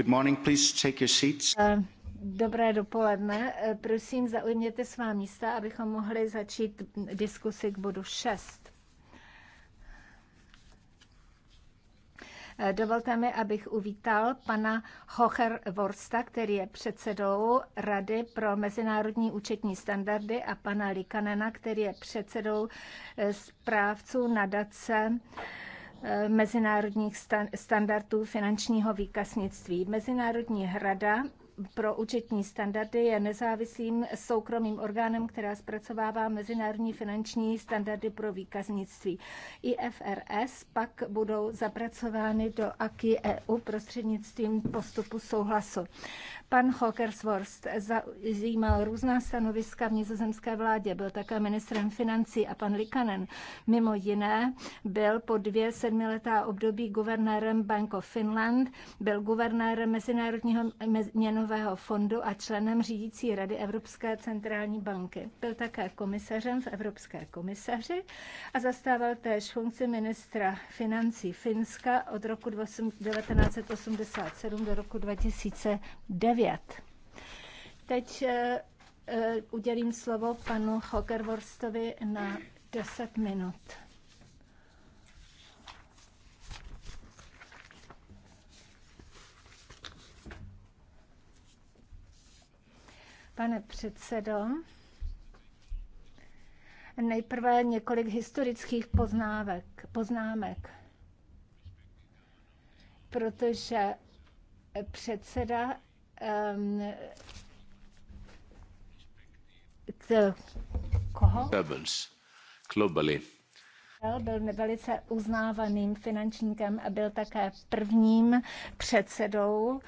Good morning, please take your seats. Eh, dobré dopoledne. Eh, prosím, zaujměte svá místa, abychom mohli začít diskusi k bodu 6. Eh, dovolte mi, abych uvítal pana Hocher Vorsta, který je předsedou Rady pro mezinárodní účetní standardy a pana Likanena, který je předsedou správců nadace mezinárodních standardů finančního výkaznictví. Mezinárodní hrada pro účetní standardy je nezávislým soukromým orgánem, která zpracovává mezinárodní finanční standardy pro výkaznictví. IFRS pak budou zapracovány do AKI EU prostřednictvím postupu souhlasu. Pan Hockersworth zajímal různá stanoviska v nizozemské vládě, byl také ministrem financí a pan Likanen mimo jiné byl po dvě sedmiletá období guvernérem Bank of Finland, byl guvernérem Mezinárodního měnového měnového fondu a členem řídící rady Evropské centrální banky. Byl také komisařem v Evropské komisaři a zastával též funkci ministra financí Finska od roku 1987 do roku 2009. Teď eh, eh, udělím slovo panu Hockerworstovi na 10 minut. pane předsedo. Nejprve několik historických poznávek, poznámek, protože předseda um, t, koho? globally. Byl velice uznávaným finančníkem a byl také prvním předsedou uh,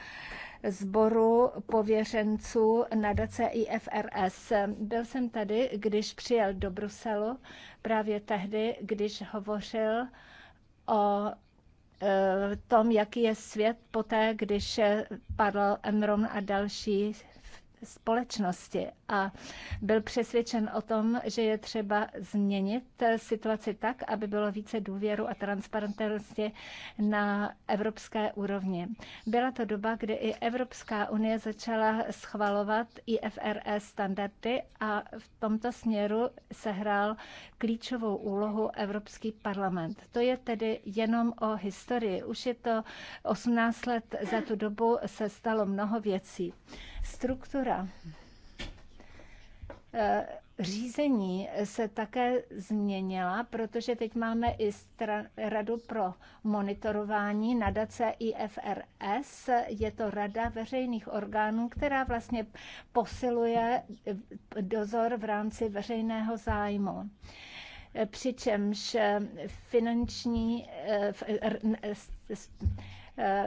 sboru pověřenců nadace IFRS. Byl jsem tady, když přijel do Bruselu, právě tehdy, když hovořil o e, tom, jaký je svět poté, když padl Enron a další společnosti a byl přesvědčen o tom, že je třeba změnit eh, situaci tak, aby bylo více důvěru a transparentnosti na evropské úrovni. Byla to doba, kdy i Evropská unie začala schvalovat IFRS standardy a v tomto směru sehrál klíčovou úlohu Evropský parlament. To je tedy jenom o historii. Už je to 18 let za tu dobu se stalo mnoho věcí struktura eh, řízení se také změnila, protože teď máme i radu pro monitorování nadace IFRS. Je to rada veřejných orgánů, která vlastně posiluje dozor v rámci veřejného zájmu eh, přičemž eh, finanční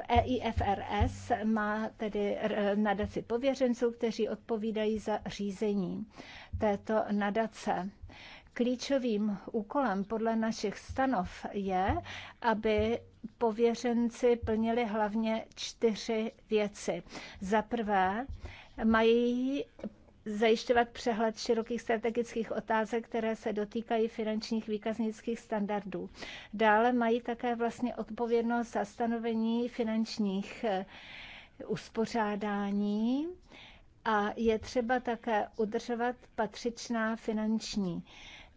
EIFRS eh, e má tedy eh, nadaci pověřenců, kteří odpovídají za řízení této nadace. Klíčovým úkolem podle našich stanov je, aby pověřenci plnili hlavně čtyři věci. Za prvé, mají zajišťovat přehled širokých strategických otázek, které se dotýkají finančních výkaznických standardů. Dále mají také vlastně odpovědnost za stanovení finančních eh, uspořádání a je třeba také udržovat patřičná finanční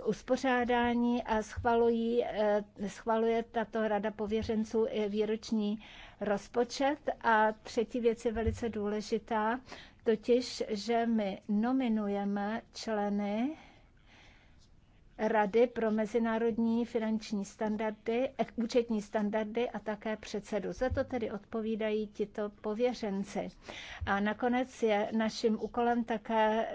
uspořádání a schvalují, eh, schvaluje tato rada pověřenců i výroční rozpočet. A třetí věc je velice důležitá, totiž, že my nominujeme členy Rady pro mezinárodní finanční standardy, e, účetní standardy a také předsedu. Za to tedy odpovídají tito pověřenci. A nakonec je naším úkolem také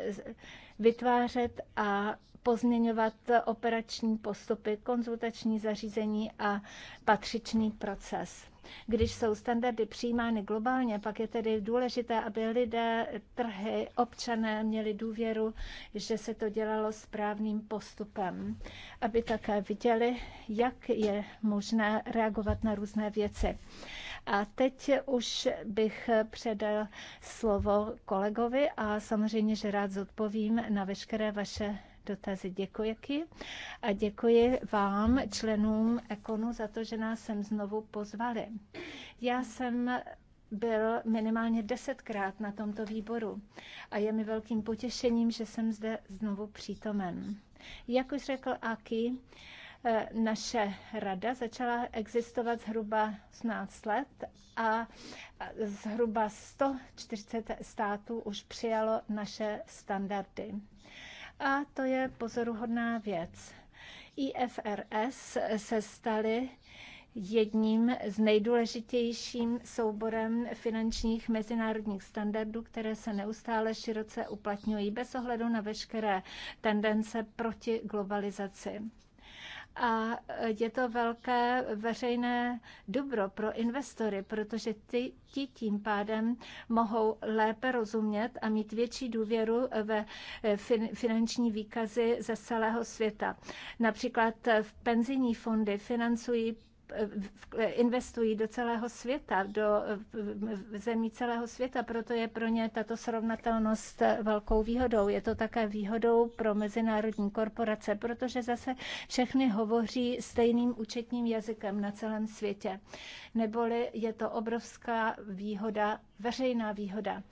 vytvářet a pozměňovat operační postupy, konzultační zařízení a patřičný proces. Když jsou standardy přijímány globálně, pak je tedy důležité, aby lidé, trhy, občané měli důvěru, že se to dělalo správným postupem, aby také viděli, jak je možné reagovat na různé věci. A teď už bych předal slovo kolegovi a samozřejmě, že rád zodpovím na veškeré vaše dotazy. Děkuji a děkuji vám, členům Ekonu, za to, že nás sem znovu pozvali. Já jsem byl minimálně desetkrát na tomto výboru a je mi velkým potěšením, že jsem zde znovu přítomen. Jak už řekl Aki, eh, naše rada začala existovat zhruba 16 let a zhruba 140 států už přijalo naše standardy. A to je pozoruhodná věc. IFRS se staly jedním z nejdůležitějším souborem finančních mezinárodních standardů, které se neustále široce uplatňují bez ohledu na veškeré tendence proti globalizaci a e, je to velké veřejné dobro pro investory, protože ty, ti tím pádem mohou lépe rozumět a mít větší důvěru ve e, finanční výkazy ze celého světa. Například e, v penzijní fondy financují investují do celého světa, do zemí celého světa, proto je pro ně tato srovnatelnost velkou výhodou. Je to také výhodou pro mezinárodní korporace, protože zase všechny hovoří stejným účetním jazykem na celém světě. Neboli je to obrovská výhoda, veřejná výhoda.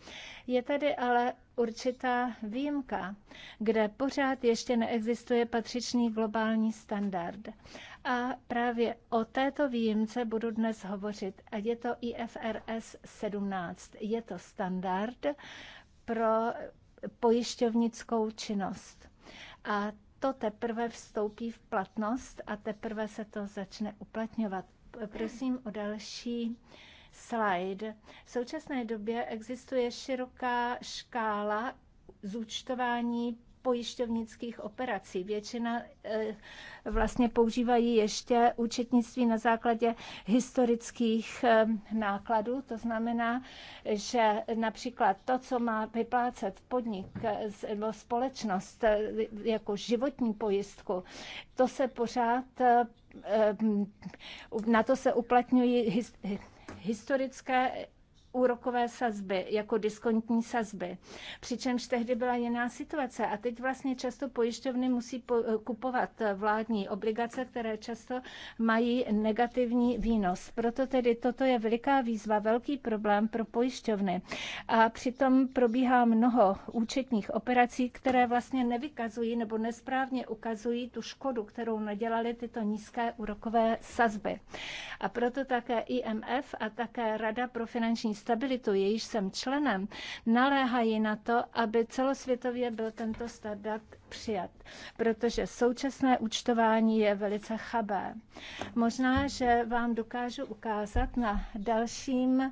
Je tady ale určitá výjimka, kde pořád ještě neexistuje patřičný globální standard. A právě o této výjimce budu dnes hovořit. A je to IFRS 17. Je to standard pro pojišťovnickou činnost. A to teprve vstoupí v platnost a teprve se to začne uplatňovat. Prosím o další slide. V současné době existuje široká škála zúčtování pojišťovnických operací. Většina eh, vlastně používají ještě účetnictví na základě historických eh, nákladů. To znamená, že například to, co má vyplácet podnik eh, nebo společnost jako životní pojistku, to se pořád na to se uplatňují historické úrokové sazby, jako diskontní sazby. Přičemž tehdy byla jiná situace a teď vlastně často pojišťovny musí kupovat vládní obligace, které často mají negativní výnos. Proto tedy toto je veliká výzva, velký problém pro pojišťovny. A přitom probíhá mnoho účetních operací, které vlastně nevykazují nebo nesprávně ukazují tu škodu, kterou nadělaly tyto nízké úrokové sazby. A proto také IMF a také Rada pro finanční stabilitu, jejíž jsem členem, naléhají na to, aby celosvětově byl tento standard přijat, protože současné účtování je velice chabé. Možná, že vám dokážu ukázat na dalším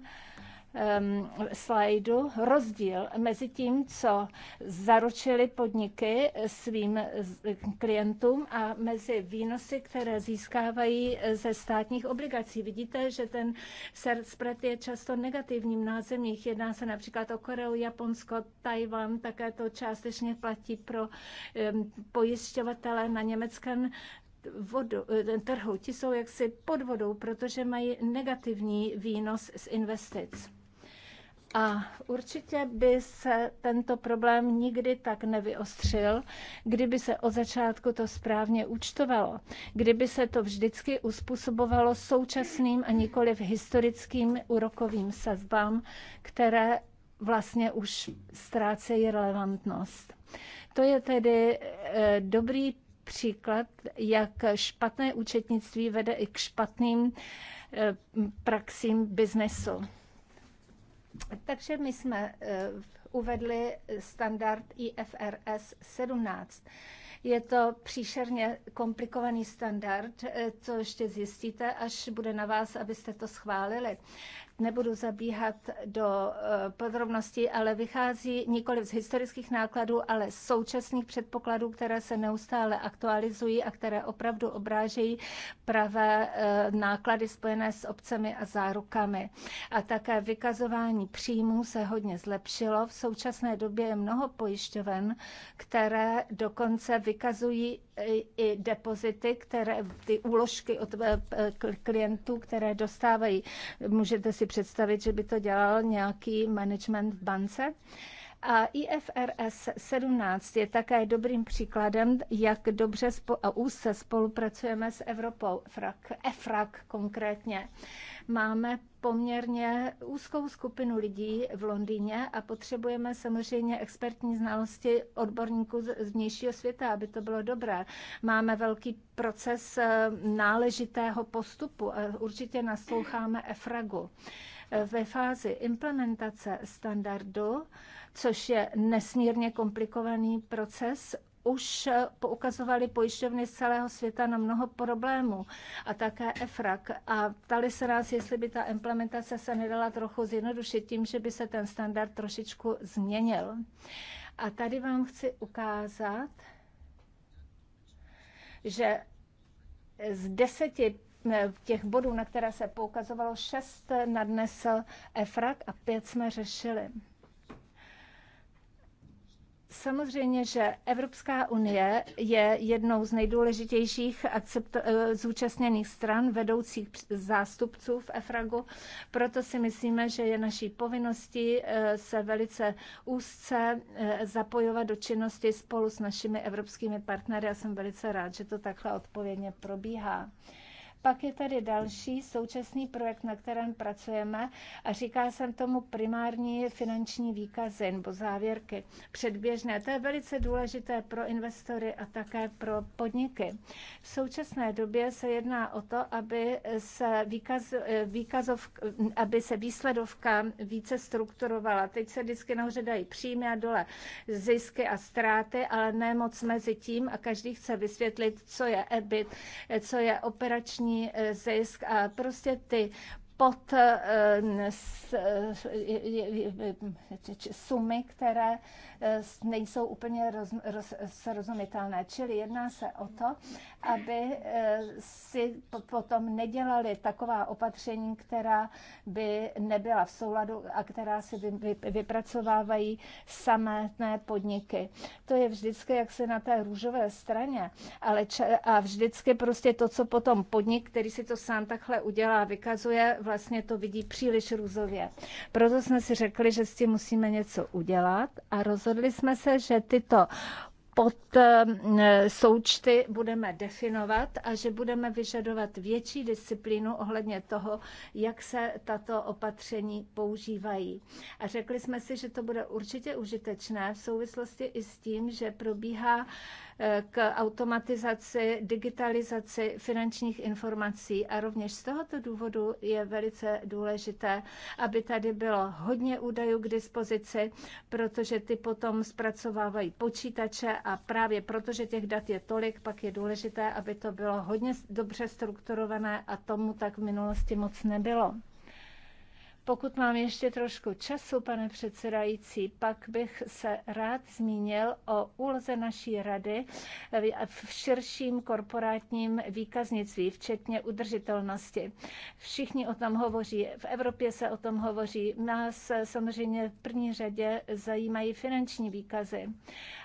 Um, slajdu rozdíl mezi tím, co zaručili podniky svým klientům a mezi výnosy, které získávají ze státních obligací. Vidíte, že ten spread je často negativním na zemích. Jedná se například o Koreu, Japonsko, Tajvan, také to částečně platí pro um, pojišťovatele na německém vodu, eh, trhu. Ti jsou jaksi pod vodou, protože mají negativní výnos z investic. A určitě by se tento problém nikdy tak nevyostřil, kdyby se od začátku to správně účtovalo, kdyby se to vždycky uspůsobovalo současným a nikoli v historickým úrokovým sazbám, které vlastně už ztrácejí relevantnost. To je tedy e, dobrý příklad, jak špatné účetnictví vede i k špatným e, praxím biznesu. Takže my jsme eh, uvedli standard IFRS 17. Je to příšerně komplikovaný standard, eh, co ještě zjistíte, až bude na vás, abyste to schválili nebudu zabíhat do eh, podrobností, ale vychází nikoli z historických nákladů, ale současných předpokladů, které se neustále aktualizují a které opravdu obrážejí pravé eh, náklady spojené s obcemi a zárukami. A také vykazování příjmů se hodně zlepšilo. V současné době je mnoho pojišťoven, které dokonce vykazují i depozity, které, ty úložky od eh, klientů, které dostávají. Můžete si představit, že by to dělal nějaký management v bance? A IFRS 17 je také dobrým příkladem, jak dobře a úzce spolupracujeme s Evropou, EFRAG, EFRAG konkrétně. Máme poměrně úzkou skupinu lidí v Londýně a potřebujeme samozřejmě expertní znalosti odborníků z vnějšího světa, aby to bylo dobré. Máme velký proces eh, náležitého postupu a určitě nasloucháme EFRAGu. Eh, ve fázi implementace standardu což je nesmírně komplikovaný proces, už poukazovali pojišťovny z celého světa na mnoho problémů a také EFRAK a ptali se nás, jestli by ta implementace se nedala trochu zjednodušit tím, že by se ten standard trošičku změnil. A tady vám chci ukázat, že z deseti eh, těch bodů, na které se poukazovalo, šest nadnesl EFRAK a pět jsme řešili. Samozřejmě, že Evropská unie je jednou z nejdůležitějších eh, zúčastněných stran vedoucích zástupců v EFRAGu, proto si myslíme, že je naší povinností eh, se velice úzce eh, zapojovat do činnosti spolu s našimi evropskými partnery. Já jsem velice rád, že to takhle odpovědně probíhá. Pak je tady další současný projekt, na kterém pracujeme a říká jsem tomu primární finanční výkazy nebo závěrky předběžné. To je velice důležité pro investory a také pro podniky. V současné době se jedná o to, aby se, výkaz, výkazov, aby se výsledovka více strukturovala. Teď se vždycky nahoře dají příjmy a dole zisky a ztráty, ale ne moc mezi tím a každý chce vysvětlit, co je EBIT, co je operační finanční eh, zisk a prostě ty pod sumy, které nejsou úplně srozumitelné. Čili jedná se o to, aby si potom nedělali taková opatření, která by nebyla v souladu a která si vypracovávají samé podniky. To je vždycky jak se na té růžové straně, ale a vždycky prostě to, co potom podnik, který si to sám takhle udělá, vykazuje, vlastně to vidí příliš růzově. Proto jsme si řekli, že s tím musíme něco udělat a rozhodli jsme se, že tyto pod součty budeme definovat a že budeme vyžadovat větší disciplínu ohledně toho, jak se tato opatření používají. A řekli jsme si, že to bude určitě užitečné v souvislosti i s tím, že probíhá k automatizaci, digitalizaci finančních informací a rovněž z tohoto důvodu je velice důležité, aby tady bylo hodně údajů k dispozici, protože ty potom zpracovávají počítače a právě protože těch dat je tolik, pak je důležité, aby to bylo hodně dobře strukturované a tomu tak v minulosti moc nebylo. Pokud mám ještě trošku času, pane předsedající, pak bych se rád zmínil o úloze naší rady v širším korporátním výkaznictví, včetně udržitelnosti. Všichni o tom hovoří, v Evropě se o tom hovoří. Nás samozřejmě v první řadě zajímají finanční výkazy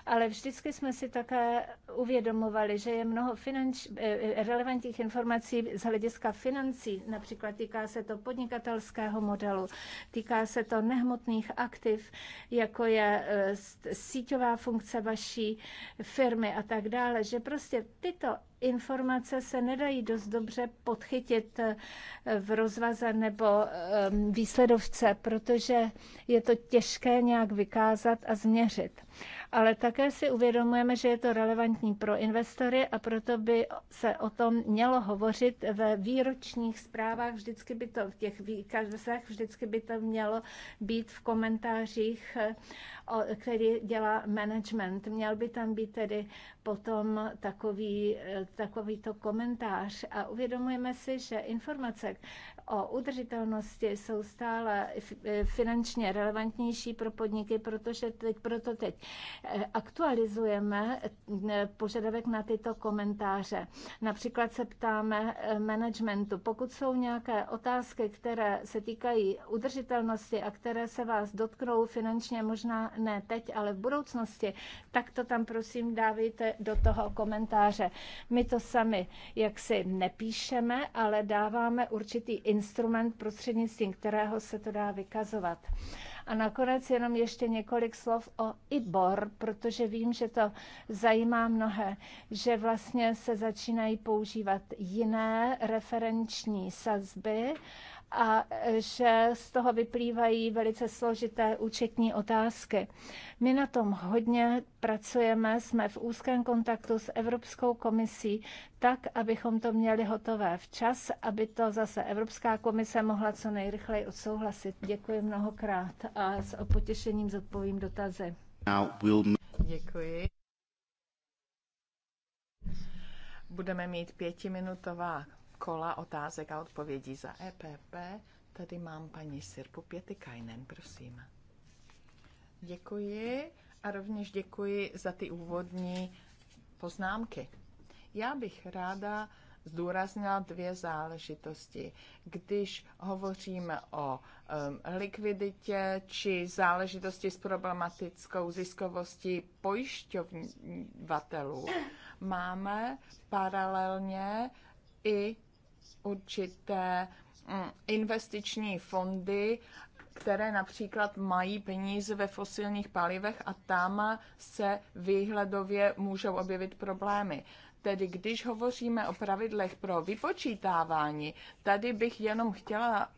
ale vždycky jsme si také uvědomovali, že je mnoho finanč, eh, eh, relevantních informací z hlediska financí, například týká se to podnikatelského modelu, týká se to nehmotných aktiv, jako je eh, síťová funkce vaší firmy a tak dále, že prostě tyto informace se nedají dost dobře podchytit v rozvaze nebo ehm, výsledovce, protože je to těžké nějak vykázat a změřit ale také si uvědomujeme, že je to relevantní pro investory a proto by se o tom mělo hovořit ve výročních zprávách, vždycky by to v těch výkazech, vždycky by to mělo být v komentářích, eh, který dělá management. Měl by tam být tedy potom takový, eh, takovýto komentář a uvědomujeme si, že informace, o udržitelnosti jsou stále e, finančně relevantnější pro podniky, protože teď, proto teď e, aktualizujeme e, požadavek na tyto komentáře. Například se ptáme managementu, pokud jsou nějaké otázky, které se týkají udržitelnosti a které se vás dotknou finančně, možná ne teď, ale v budoucnosti, tak to tam prosím dávejte do toho komentáře. My to sami jaksi nepíšeme, ale dáváme určitý instrument, prostřednictvím kterého se to dá vykazovat. A nakonec jenom ještě několik slov o IBOR, protože vím, že to zajímá mnohé, že vlastně se začínají používat jiné referenční sazby a že z toho vyplývají velice složité účetní otázky. My na tom hodně pracujeme, jsme v úzkém kontaktu s Evropskou komisí, tak, abychom to měli hotové včas, aby to zase Evropská komise mohla co nejrychleji odsouhlasit. Děkuji mnohokrát a s potěšením zodpovím dotazy. Děkuji. Budeme mít pětiminutová kola otázek a odpovědí za EPP. Tady mám paní Sirpu Pětikajnen, prosím. Děkuji a rovněž děkuji za ty úvodní poznámky. Já bych ráda zdůraznila dvě záležitosti. Když hovoříme o um, likviditě či záležitosti s problematickou ziskovostí pojišťovatelů, máme paralelně i určité mm, investiční fondy, které například mají peníze ve fosilních palivech a tam se výhledově můžou objevit problémy. Tedy když hovoříme o pravidlech pro vypočítávání, tady bych jenom chtěla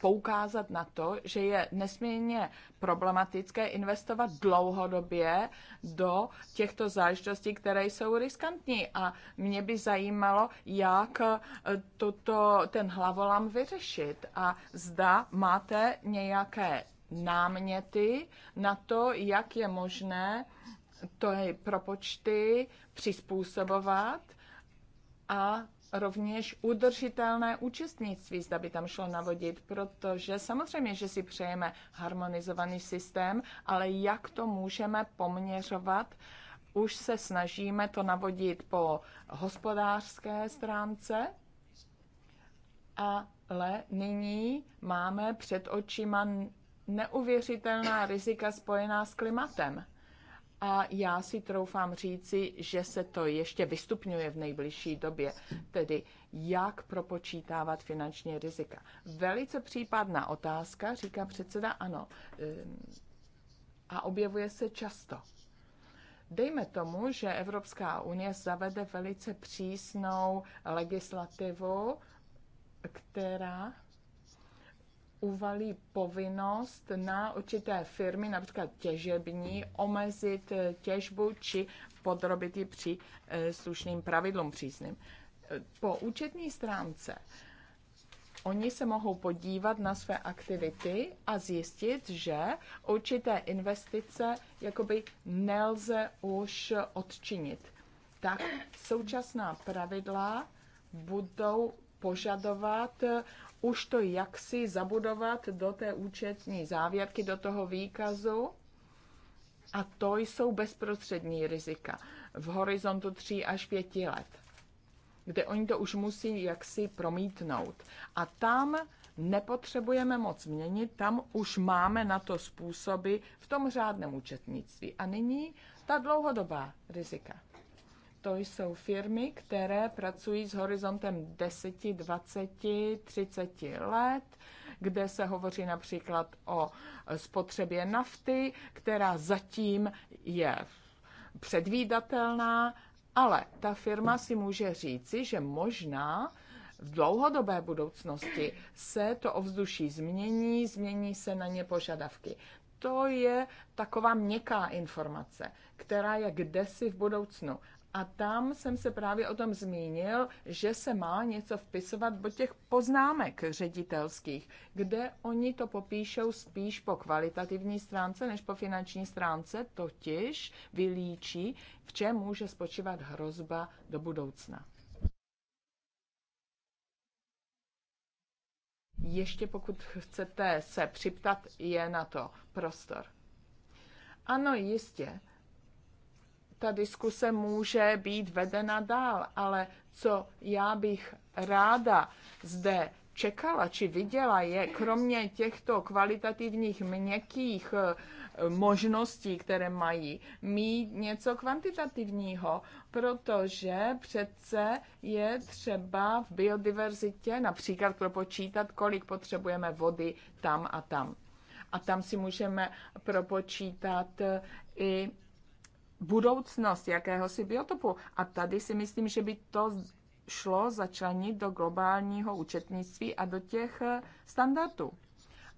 poukázat na to, že je nesmírně problematické investovat dlouhodobě do těchto záležitostí, které jsou riskantní. A mě by zajímalo, jak eh, toto, ten hlavolám vyřešit. A zda máte nějaké náměty na to, jak je možné to je propočty přizpůsobovat a rovněž udržitelné účastnictví, zda by tam šlo navodit, protože samozřejmě, že si přejeme harmonizovaný systém, ale jak to můžeme poměřovat, už se snažíme to navodit po hospodářské stránce, ale nyní máme před očima neuvěřitelná rizika spojená s klimatem a já si troufám říci, že se to ještě vystupňuje v nejbližší době, tedy jak propočítávat finanční rizika. Velice případná otázka, říká předseda, ano, ehm, a objevuje se často. Dejme tomu, že Evropská unie zavede velice přísnou legislativu, která uvalí povinnost na určité firmy, například těžební, omezit eh, těžbu či podrobit ji při eh, slušným pravidlům přísným. Eh, po účetní stránce oni se mohou podívat na své aktivity a zjistit, že určité investice jakoby nelze už odčinit. Tak současná pravidla budou požadovat už to jaksi zabudovat do té účetní závěrky, do toho výkazu. A to jsou bezprostřední rizika v horizontu 3 až 5 let, kde oni to už musí jaksi promítnout. A tam nepotřebujeme moc měnit, tam už máme na to způsoby v tom řádném účetnictví. A nyní ta dlouhodobá rizika. To jsou firmy, které pracují s horizontem 10, 20, 30 let, kde se hovoří například o spotřebě nafty, která zatím je předvídatelná, ale ta firma si může říci, že možná v dlouhodobé budoucnosti se to ovzduší změní, změní se na ně požadavky. To je taková měkká informace, která je kdesi v budoucnu. A tam jsem se právě o tom zmínil, že se má něco vpisovat do těch poznámek ředitelských, kde oni to popíšou spíš po kvalitativní stránce než po finanční stránce, totiž vylíčí, v čem může spočívat hrozba do budoucna. Ještě pokud chcete se připtat, je na to prostor. Ano, jistě ta diskuse může být vedena dál, ale co já bych ráda zde čekala či viděla, je kromě těchto kvalitativních měkkých eh, možností, které mají, mít něco kvantitativního, protože přece je třeba v biodiverzitě například propočítat, kolik potřebujeme vody tam a tam. A tam si můžeme propočítat eh, i budoucnost jakéhosi biotopu. A tady si myslím, že by to šlo začlenit do globálního účetnictví a do těch eh, standardů.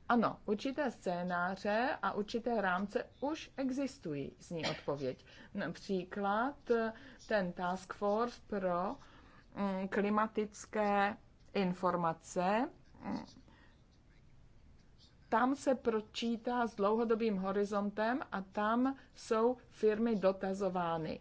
Ano, určité scénáře a určité rámce už existují, zní odpověď. Například eh, ten Task Force pro mm, klimatické informace mm, tam se pročítá s dlouhodobým horizontem a tam jsou firmy dotazovány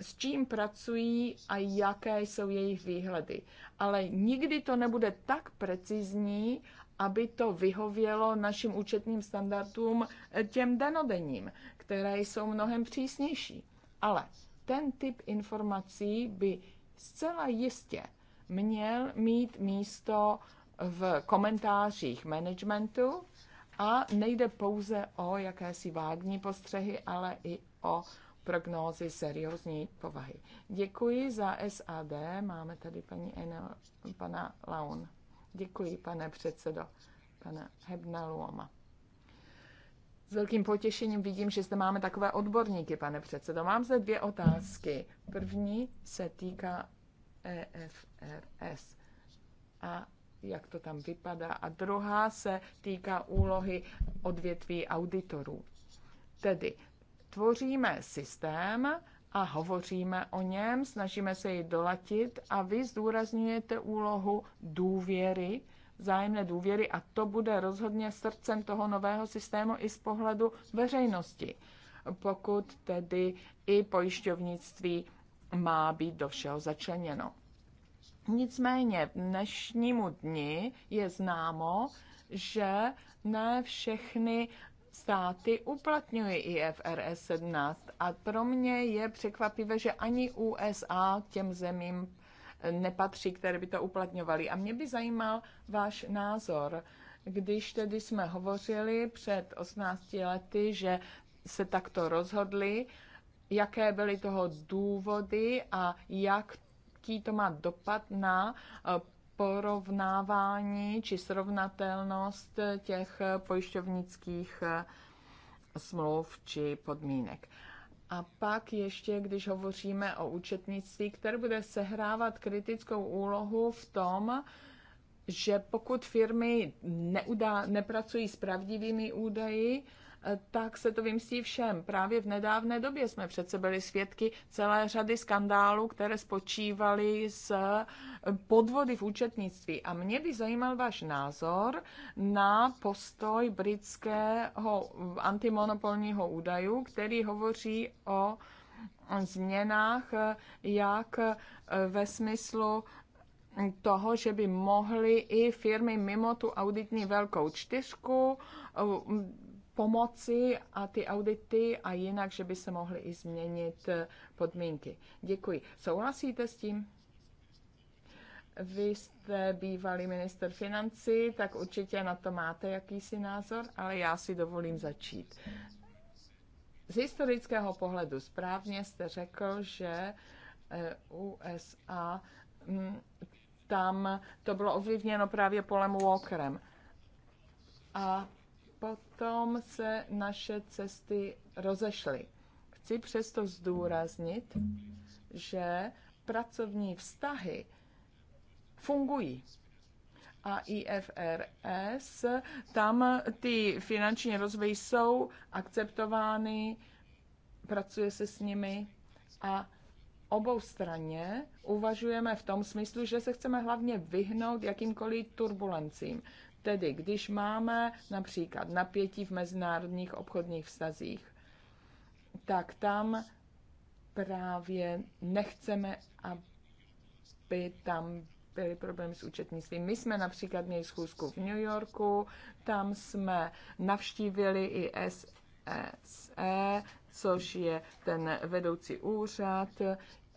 s čím pracují a jaké jsou jejich výhledy. Ale nikdy to nebude tak precizní, aby to vyhovělo našim účetním standardům těm denodenním, které jsou mnohem přísnější. Ale ten typ informací by zcela jistě měl mít místo v komentářích managementu a nejde pouze o jakési vágní postřehy, ale i o prognózy seriózní povahy. Děkuji za SAD. Máme tady paní Enel, pana Laun. Děkuji, pane předsedo, pana Hebna Luoma. S velkým potěšením vidím, že zde máme takové odborníky, pane předsedo. Mám zde dvě otázky. První se týká EFRS a jak to tam vypadá, a druhá se týká úlohy odvětví auditorů. Tedy tvoříme systém a hovoříme o něm, snažíme se ji dolatit a vy zdůrazňujete úlohu důvěry, zájemné důvěry a to bude rozhodně srdcem toho nového systému i z pohledu veřejnosti, pokud tedy i pojišťovnictví má být do všeho začleněno. Nicméně dnešnímu dni je známo, že ne všechny státy uplatňují IFRS 17 a pro mě je překvapivé, že ani USA těm zemím nepatří, které by to uplatňovaly. A mě by zajímal váš názor, když tedy jsme hovořili před 18 lety, že se takto rozhodli, jaké byly toho důvody a jak jaký to má dopad na eh, porovnávání či srovnatelnost eh, těch eh, pojišťovnických smluv či podmínek. A pak ještě, když hovoříme o účetnictví, které bude sehrávat kritickou úlohu v tom, že pokud firmy neudá, nepracují s pravdivými údaji, Eh, tak se to vymstí všem. Právě v nedávné době jsme přece byli svědky celé řady skandálů, které spočívaly z eh, podvody v účetnictví. A mě by zajímal váš názor na postoj britského eh, antimonopolního údaju, který hovoří o změnách, jak ve smyslu hm, toho, že by mohly i firmy mimo tu auditní velkou čtyřku pomoci a ty audity a jinak, že by se mohly i změnit eh, podmínky. Děkuji. Souhlasíte s tím? Vy jste bývalý minister financí, tak určitě na to máte jakýsi názor, ale já si dovolím začít. Z historického pohledu správně jste řekl, že eh, USA hm, tam to bylo ovlivněno právě Polem Walkerem. A potom se naše cesty rozešly. Chci přesto zdůraznit, že pracovní vztahy fungují. A IFRS, tam ty finanční rozvoje jsou akceptovány, pracuje se s nimi a obou straně uvažujeme v tom smyslu, že se chceme hlavně vyhnout jakýmkoliv turbulencím. Tedy když máme například napětí v mezinárodních obchodních vztazích, tak tam právě nechceme, aby tam byly problémy s účetnictvím. My jsme například měli schůzku v New Yorku, tam jsme navštívili i SSE, což je ten vedoucí úřad,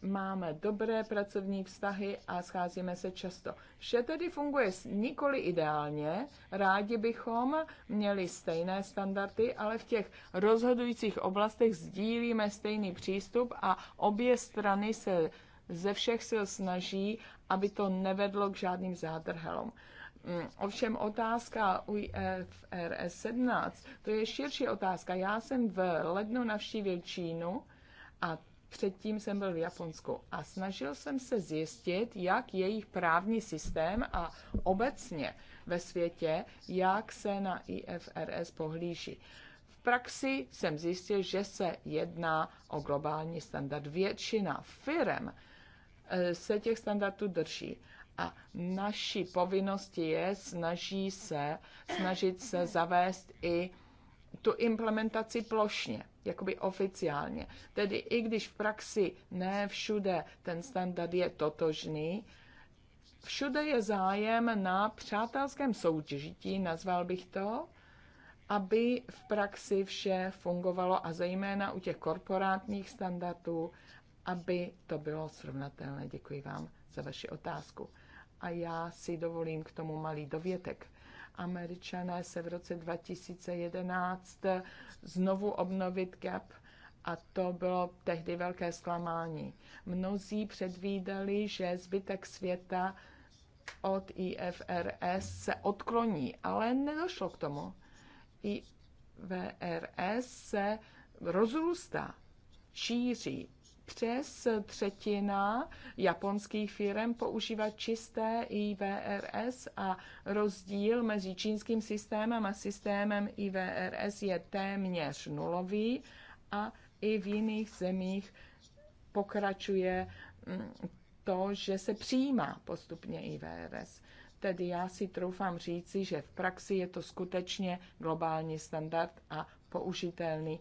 máme dobré pracovní vztahy a scházíme se často. Vše tedy funguje nikoli ideálně, rádi bychom měli stejné standardy, ale v těch rozhodujících oblastech sdílíme stejný přístup a obě strany se ze všech sil snaží, aby to nevedlo k žádným zádrhelům. Mm, ovšem otázka UIFRS 17, to je širší otázka. Já jsem v lednu navštívil Čínu a Předtím jsem byl v Japonsku a snažil jsem se zjistit, jak jejich právní systém a obecně ve světě, jak se na IFRS pohlíží V praxi jsem zjistil, že se jedná o globální standard. Většina firm eh, se těch standardů drží. A naší povinnosti je snaží se, snažit se zavést i tu implementaci plošně, jakoby oficiálně. Tedy i když v praxi ne všude ten standard je totožný, všude je zájem na přátelském soutěžití, nazval bych to, aby v praxi vše fungovalo a zejména u těch korporátních standardů, aby to bylo srovnatelné. Děkuji vám za vaši otázku. A já si dovolím k tomu malý dovětek. Američané se v roce 2011 znovu obnovit gap a to bylo tehdy velké zklamání. Mnozí předvídali, že zbytek světa od IFRS se odkloní, ale nedošlo k tomu. IVRS se rozrůstá, šíří přes třetina japonských firm používá čisté IVRS a rozdíl mezi čínským systémem a systémem IVRS je téměř nulový a i v jiných zemích pokračuje mm, to, že se přijímá postupně IVRS. Tedy já si troufám říci, že v praxi je to skutečně globální standard a použitelný,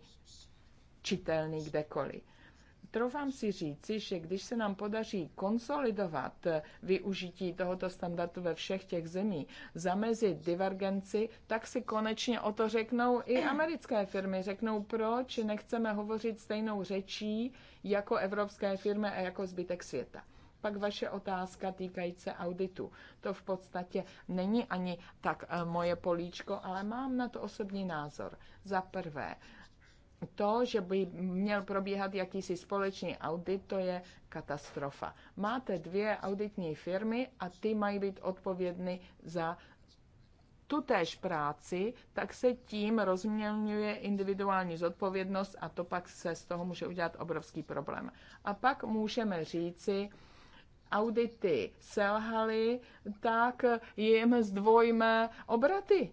čitelný kdekoliv Troufám si říci, že když se nám podaří konsolidovat eh, využití tohoto standardu ve všech těch zemí, zamezit divergenci, tak si konečně o to řeknou i americké firmy. Řeknou, proč nechceme hovořit stejnou řečí jako evropské firmy a jako zbytek světa pak vaše otázka týkající auditu. To v podstatě není ani tak eh, moje políčko, ale mám na to osobní názor. Za prvé, to, že by měl probíhat jakýsi společný audit, to je katastrofa. Máte dvě auditní firmy a ty mají být odpovědny za tutéž práci, tak se tím rozmělňuje individuální zodpovědnost a to pak se z toho může udělat obrovský problém. A pak můžeme říci, audity selhaly, tak jim zdvojme obraty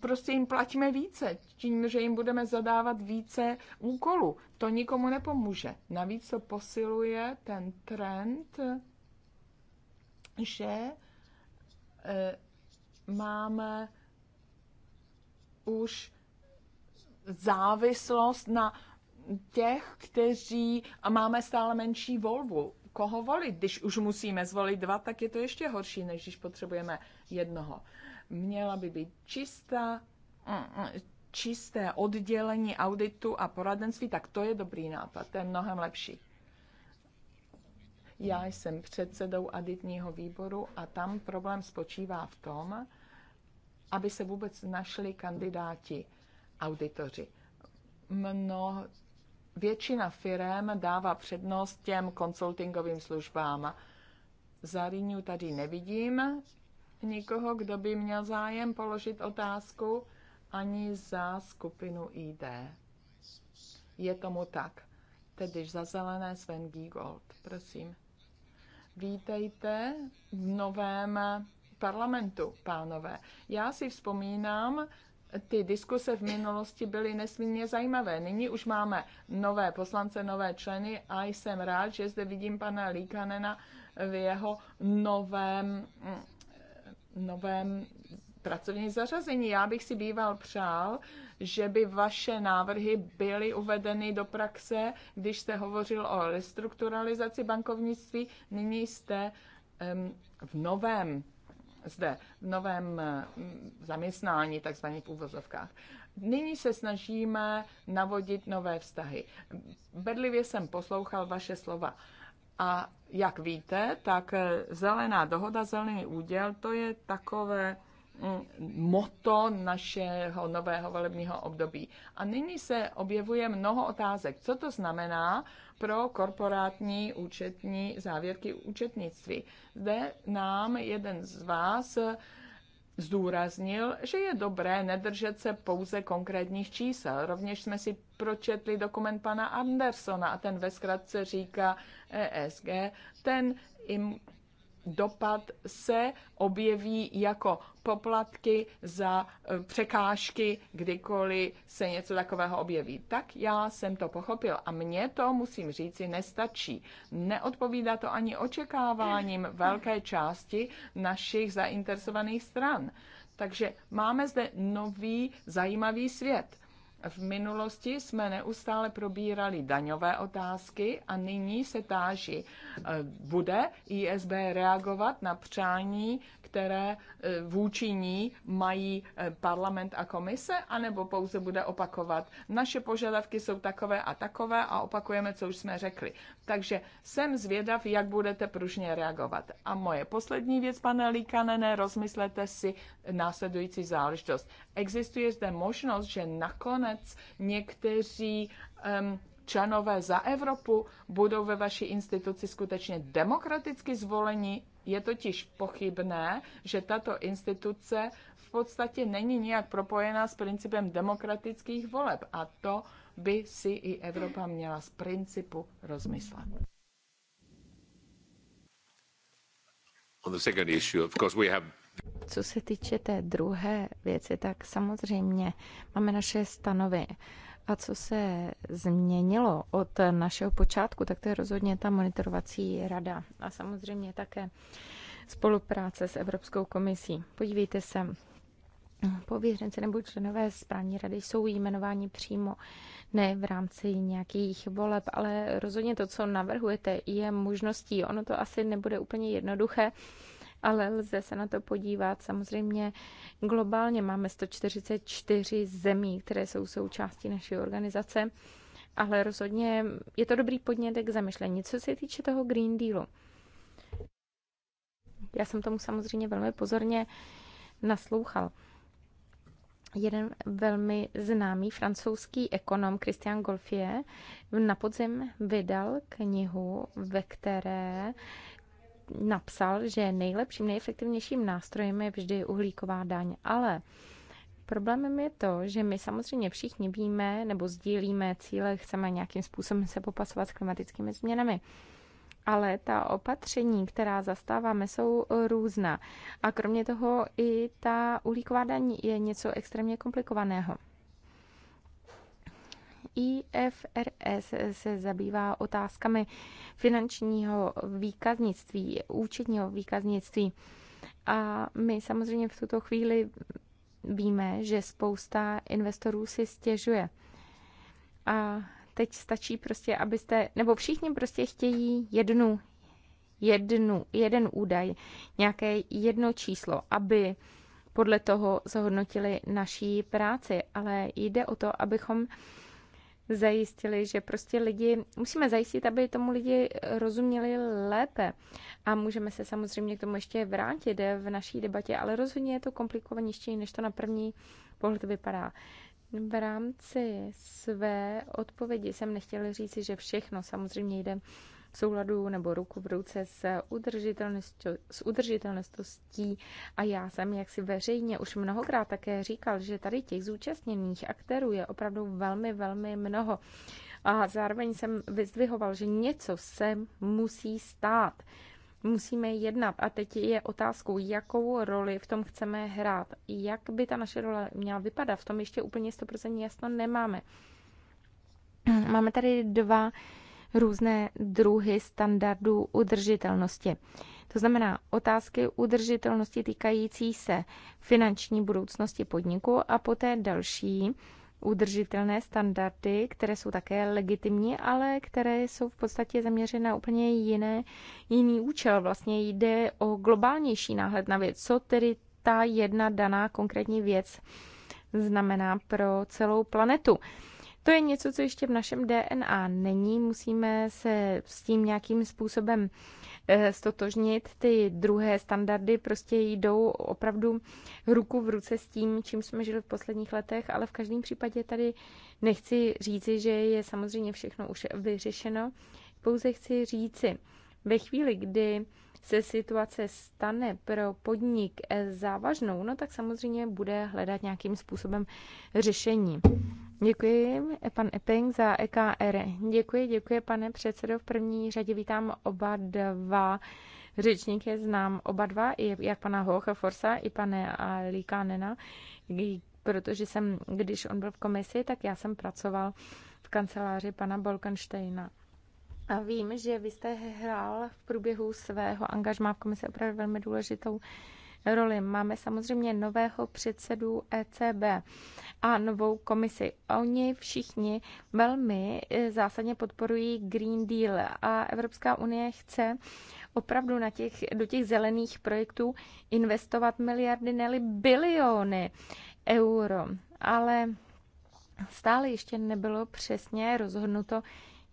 prostě jim platíme více, tím, že jim budeme zadávat více úkolů. To nikomu nepomůže. Navíc to posiluje ten trend, že e, máme už závislost na těch, kteří a máme stále menší volbu. Koho volit? Když už musíme zvolit dva, tak je to ještě horší, než když potřebujeme jednoho. Měla by být čistá, čisté oddělení auditu a poradenství, tak to je dobrý nápad, to je mnohem lepší. Já jsem předsedou aditního výboru a tam problém spočívá v tom, aby se vůbec našli kandidáti auditoři. Mno, většina firm dává přednost těm konsultingovým službám. Zaríňu tady nevidím, nikoho, kdo by měl zájem položit otázku, ani za skupinu ID. Je tomu tak. Tedy za zelené Sven Giegold, prosím. Vítejte v novém parlamentu, pánové. Já si vzpomínám, ty diskuse v minulosti byly nesmírně zajímavé. Nyní už máme nové poslance, nové členy a jsem rád, že zde vidím pana Líkanena v jeho novém novém pracovní zařazení. Já bych si býval přál, že by vaše návrhy byly uvedeny do praxe, když jste hovořil o restrukturalizaci bankovnictví. Nyní jste um, v novém zde, v novém mm, zaměstnání, takzvaně v úvozovkách. Nyní se snažíme navodit nové vztahy. Bedlivě jsem poslouchal vaše slova. A jak víte, tak eh, zelená dohoda, zelený úděl, to je takové mm, moto našeho nového volebního období. A nyní se objevuje mnoho otázek. Co to znamená pro korporátní účetní závěrky účetnictví? Zde nám jeden z vás eh, zdůraznil, že je dobré nedržet se pouze konkrétních čísel. Rovněž jsme si pročetli dokument pana Andersona a ten ve zkratce říká ESG. Ten im dopad se objeví jako poplatky za e, překážky, kdykoliv se něco takového objeví. Tak já jsem to pochopil a mně to, musím říci, nestačí. Neodpovídá to ani očekáváním velké části našich zainteresovaných stran. Takže máme zde nový zajímavý svět v minulosti jsme neustále probírali daňové otázky a nyní se táží, eh, bude ISB reagovat na přání, které eh, vůči ní mají eh, parlament a komise, anebo pouze bude opakovat, naše požadavky jsou takové a takové a opakujeme, co už jsme řekli. Takže jsem zvědav, jak budete pružně reagovat. A moje poslední věc, pane Líkanene, rozmyslete si následující záležitost. Existuje zde možnost, že nakonec nakonec někteří um, členové za Evropu budou ve vaší instituci skutečně demokraticky zvoleni. Je totiž pochybné, že tato instituce v podstatě není nijak propojená s principem demokratických voleb a to by si i Evropa měla z principu rozmyslet. On the second issue, of course, we have co se týče té druhé věci, tak samozřejmě máme naše stanovy. A co se změnilo od našeho počátku, tak to je rozhodně ta monitorovací rada a samozřejmě také spolupráce s Evropskou komisí. Podívejte se, pověřenci nebo členové správní rady jsou jmenováni přímo, ne v rámci nějakých voleb, ale rozhodně to, co navrhujete, je možností. Ono to asi nebude úplně jednoduché, ale lze se na to podívat samozřejmě globálně. Máme 144 zemí, které jsou součástí naší organizace, ale rozhodně je to dobrý podnět k zamyšlení. Co se týče toho Green Dealu, já jsem tomu samozřejmě velmi pozorně naslouchal. Jeden velmi známý francouzský ekonom Christian Golfier na podzim vydal knihu, ve které napsal, že nejlepším, nejefektivnějším nástrojem je vždy uhlíková daň, ale Problémem je to, že my samozřejmě všichni víme nebo sdílíme cíle, chceme nějakým způsobem se popasovat s klimatickými změnami. Ale ta opatření, která zastáváme, jsou různá. A kromě toho i ta uhlíková daň je něco extrémně komplikovaného. IFRS se zabývá otázkami finančního výkaznictví, účetního výkaznictví. A my samozřejmě v tuto chvíli víme, že spousta investorů si stěžuje. A teď stačí prostě, abyste, nebo všichni prostě chtějí jednu, jednu, jeden údaj, nějaké jedno číslo, aby podle toho zhodnotili naší práci, ale jde o to, abychom zajistili, že prostě lidi, musíme zajistit, aby tomu lidi rozuměli lépe. A můžeme se samozřejmě k tomu ještě vrátit eh, v naší debatě, ale rozhodně je to komplikovanější, než to na první pohled vypadá. V rámci své odpovědi jsem nechtěla říci, že všechno samozřejmě jde v souladu nebo ruku v ruce s udržitelností, s udržitelností. A já jsem jaksi veřejně už mnohokrát také říkal, že tady těch zúčastněných aktérů je opravdu velmi, velmi mnoho. A zároveň jsem vyzdvihoval, že něco se musí stát musíme jednat. A teď je otázkou, jakou roli v tom chceme hrát. Jak by ta naše role měla vypadat, v tom ještě úplně 100% jasno nemáme. Máme tady dva různé druhy standardů udržitelnosti. To znamená otázky udržitelnosti týkající se finanční budoucnosti podniku a poté další udržitelné standardy, které jsou také legitimní, ale které jsou v podstatě zaměřené na úplně jiné, jiný účel. Vlastně jde o globálnější náhled na věc, co tedy ta jedna daná konkrétní věc znamená pro celou planetu. To je něco, co ještě v našem DNA není. Musíme se s tím nějakým způsobem eh, stotožnit. Ty druhé standardy prostě jdou opravdu ruku v ruce s tím, čím jsme žili v posledních letech, ale v každém případě tady nechci říci, že je samozřejmě všechno už vyřešeno. Pouze chci říci, ve chvíli, kdy se situace stane pro podnik eh, závažnou, no tak samozřejmě bude hledat nějakým způsobem řešení. Děkuji, pan Epping za EKR. Děkuji, děkuji, pane předsedo. V první řadě vítám oba dva řečníky, znám oba dva, i jak pana Hocha Forsa, i pane Likánena, protože jsem, když on byl v komisi, tak já jsem pracoval v kanceláři pana Bolkensteina. A vím, že vy jste hrál v průběhu svého angažmá v komisi opravdu velmi důležitou roli. Máme samozřejmě nového předsedu ECB a novou komisi. Oni všichni velmi e, zásadně podporují Green Deal a Evropská unie chce opravdu na těch, do těch zelených projektů investovat miliardy, ne biliony euro. Ale stále ještě nebylo přesně rozhodnuto,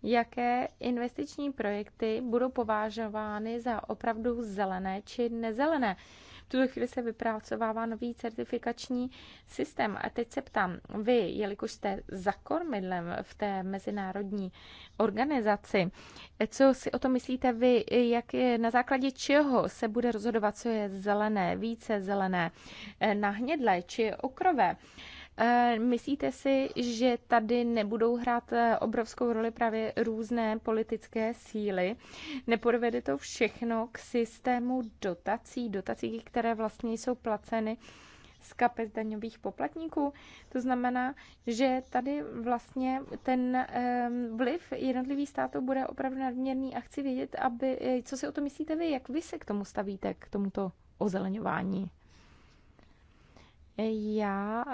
jaké investiční projekty budou považovány za opravdu zelené či nezelené. V chvíli se vypracovává nový certifikační systém. A teď se ptám, vy, jelikož jste za kormidlem v té mezinárodní organizaci, co si o tom myslíte vy, jak je, na základě čeho se bude rozhodovat, co je zelené, více zelené, eh, nahnědlé či okrové? Eh, myslíte si, že tady nebudou hrát eh, obrovskou roli právě různé politické síly? Nepodvede to všechno k systému dotací, dotací, které vlastně jsou placeny z kapes daňových poplatníků. To znamená, že tady vlastně ten ehm, vliv jednotlivých států bude opravdu nadměrný a chci vědět, aby, eh, co si o to myslíte vy, jak vy se k tomu stavíte, k tomuto ozeleňování. Já,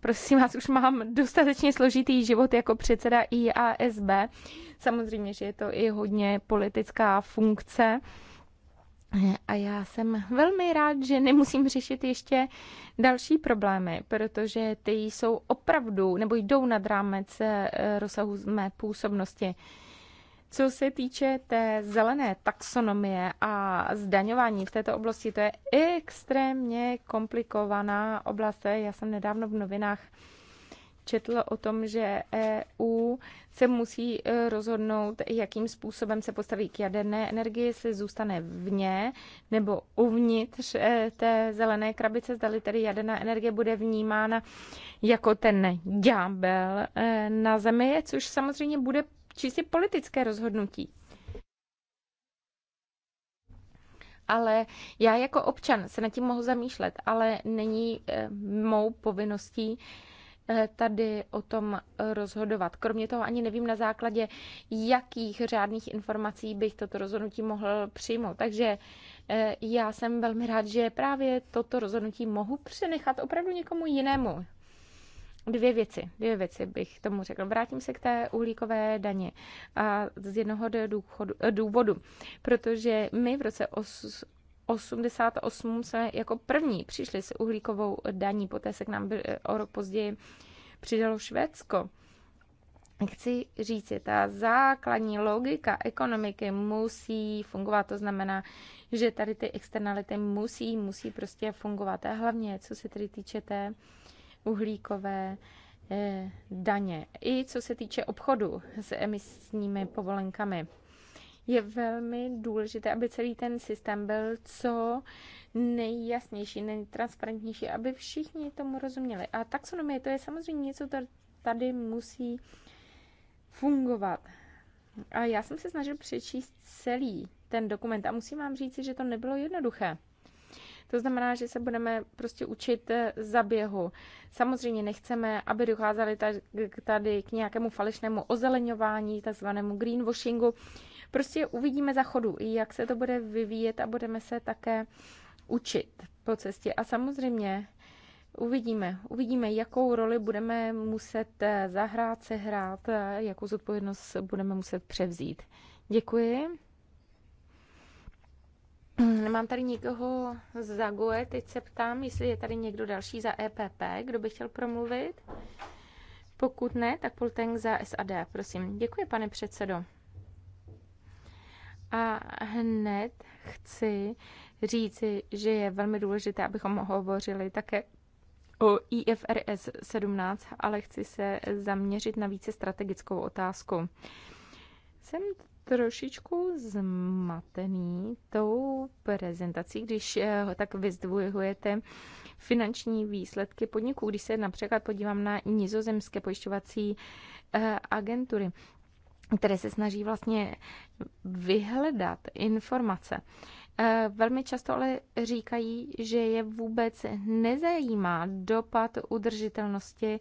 prosím vás, už mám dostatečně složitý život jako předseda IASB. Samozřejmě, že je to i hodně politická funkce. A já jsem velmi rád, že nemusím řešit ještě další problémy, protože ty jsou opravdu, nebo jdou nad rámec eh, rozsahu mé působnosti. Co se týče té zelené taxonomie a zdaňování v této oblasti, to je extrémně komplikovaná oblast. Já jsem nedávno v novinách četl o tom, že EU se musí e, rozhodnout, jakým způsobem se postaví k jaderné energii, jestli zůstane vně nebo uvnitř e, té zelené krabice, zdali tedy jaderná energie bude vnímána jako ten ďábel e, na zemi, což samozřejmě bude či si politické rozhodnutí. Ale já jako občan se nad tím mohu zamýšlet, ale není eh, mou povinností eh, tady o tom rozhodovat. Kromě toho ani nevím na základě, jakých řádných informací bych toto rozhodnutí mohl přijmout. Takže eh, já jsem velmi rád, že právě toto rozhodnutí mohu přenechat opravdu někomu jinému. Dvě věci, dvě věci bych tomu řekl. Vrátím se k té uhlíkové daně a z jednoho důchodu, eh, důvodu, protože my v roce 88 jsme jako první přišli s uhlíkovou daní, poté se k nám eh, o rok později přidalo Švédsko. Chci říct, ta základní logika ekonomiky musí fungovat, to znamená, že tady ty externality musí, musí prostě fungovat. A hlavně, co se tedy týče té uhlíkové eh, daně. I co se týče obchodu s emisními povolenkami, je velmi důležité, aby celý ten systém byl co nejjasnější, nejtransparentnější, aby všichni tomu rozuměli. A taxonomie, to je samozřejmě něco, co tady musí fungovat. A já jsem se snažil přečíst celý ten dokument a musím vám říct, že to nebylo jednoduché. To znamená, že se budeme prostě učit eh, zaběhu. Samozřejmě nechceme, aby docházeli tady k nějakému falešnému ozeleňování, takzvanému greenwashingu. Prostě uvidíme za chodu, jak se to bude vyvíjet a budeme se také učit po cestě. A samozřejmě Uvidíme, uvidíme, jakou roli budeme muset eh, zahrát, sehrát, jakou zodpovědnost budeme muset převzít. Děkuji. Nemám tady nikoho za Zagoe, teď se ptám, jestli je tady někdo další za EPP, kdo by chtěl promluvit. Pokud ne, tak Polteng za SAD, prosím. Děkuji, pane předsedo. A hned chci říci, že je velmi důležité, abychom hovořili také o IFRS 17, ale chci se zaměřit na více strategickou otázku. Jsem trošičku zmatený tou prezentací, když eh, tak vyzdvihujete finanční výsledky podniků. Když se například podívám na nizozemské pojišťovací eh, agentury, které se snaží vlastně vyhledat informace Eh, velmi často ale říkají, že je vůbec nezajímá dopad udržitelnosti,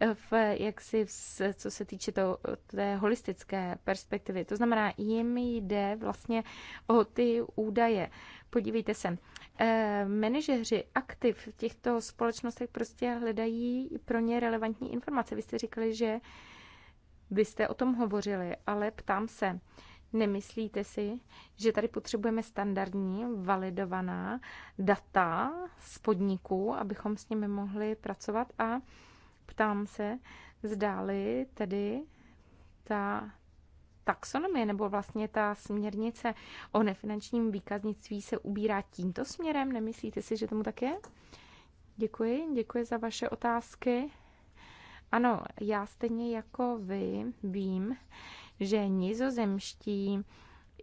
eh, v, jak si, co se týče to, té holistické perspektivy. To znamená, jim jde vlastně o ty údaje. Podívejte se, eh, manažeři aktiv v těchto společnostech prostě hledají pro ně relevantní informace. Vy jste říkali, že byste o tom hovořili, ale ptám se, Nemyslíte si, že tady potřebujeme standardní, validovaná data z podniků, abychom s nimi mohli pracovat a ptám se, zdáli tedy ta taxonomie nebo vlastně ta směrnice o nefinančním výkaznictví se ubírá tímto směrem? Nemyslíte si, že tomu tak je? Děkuji, děkuji za vaše otázky. Ano, já stejně jako vy vím, že nizozemští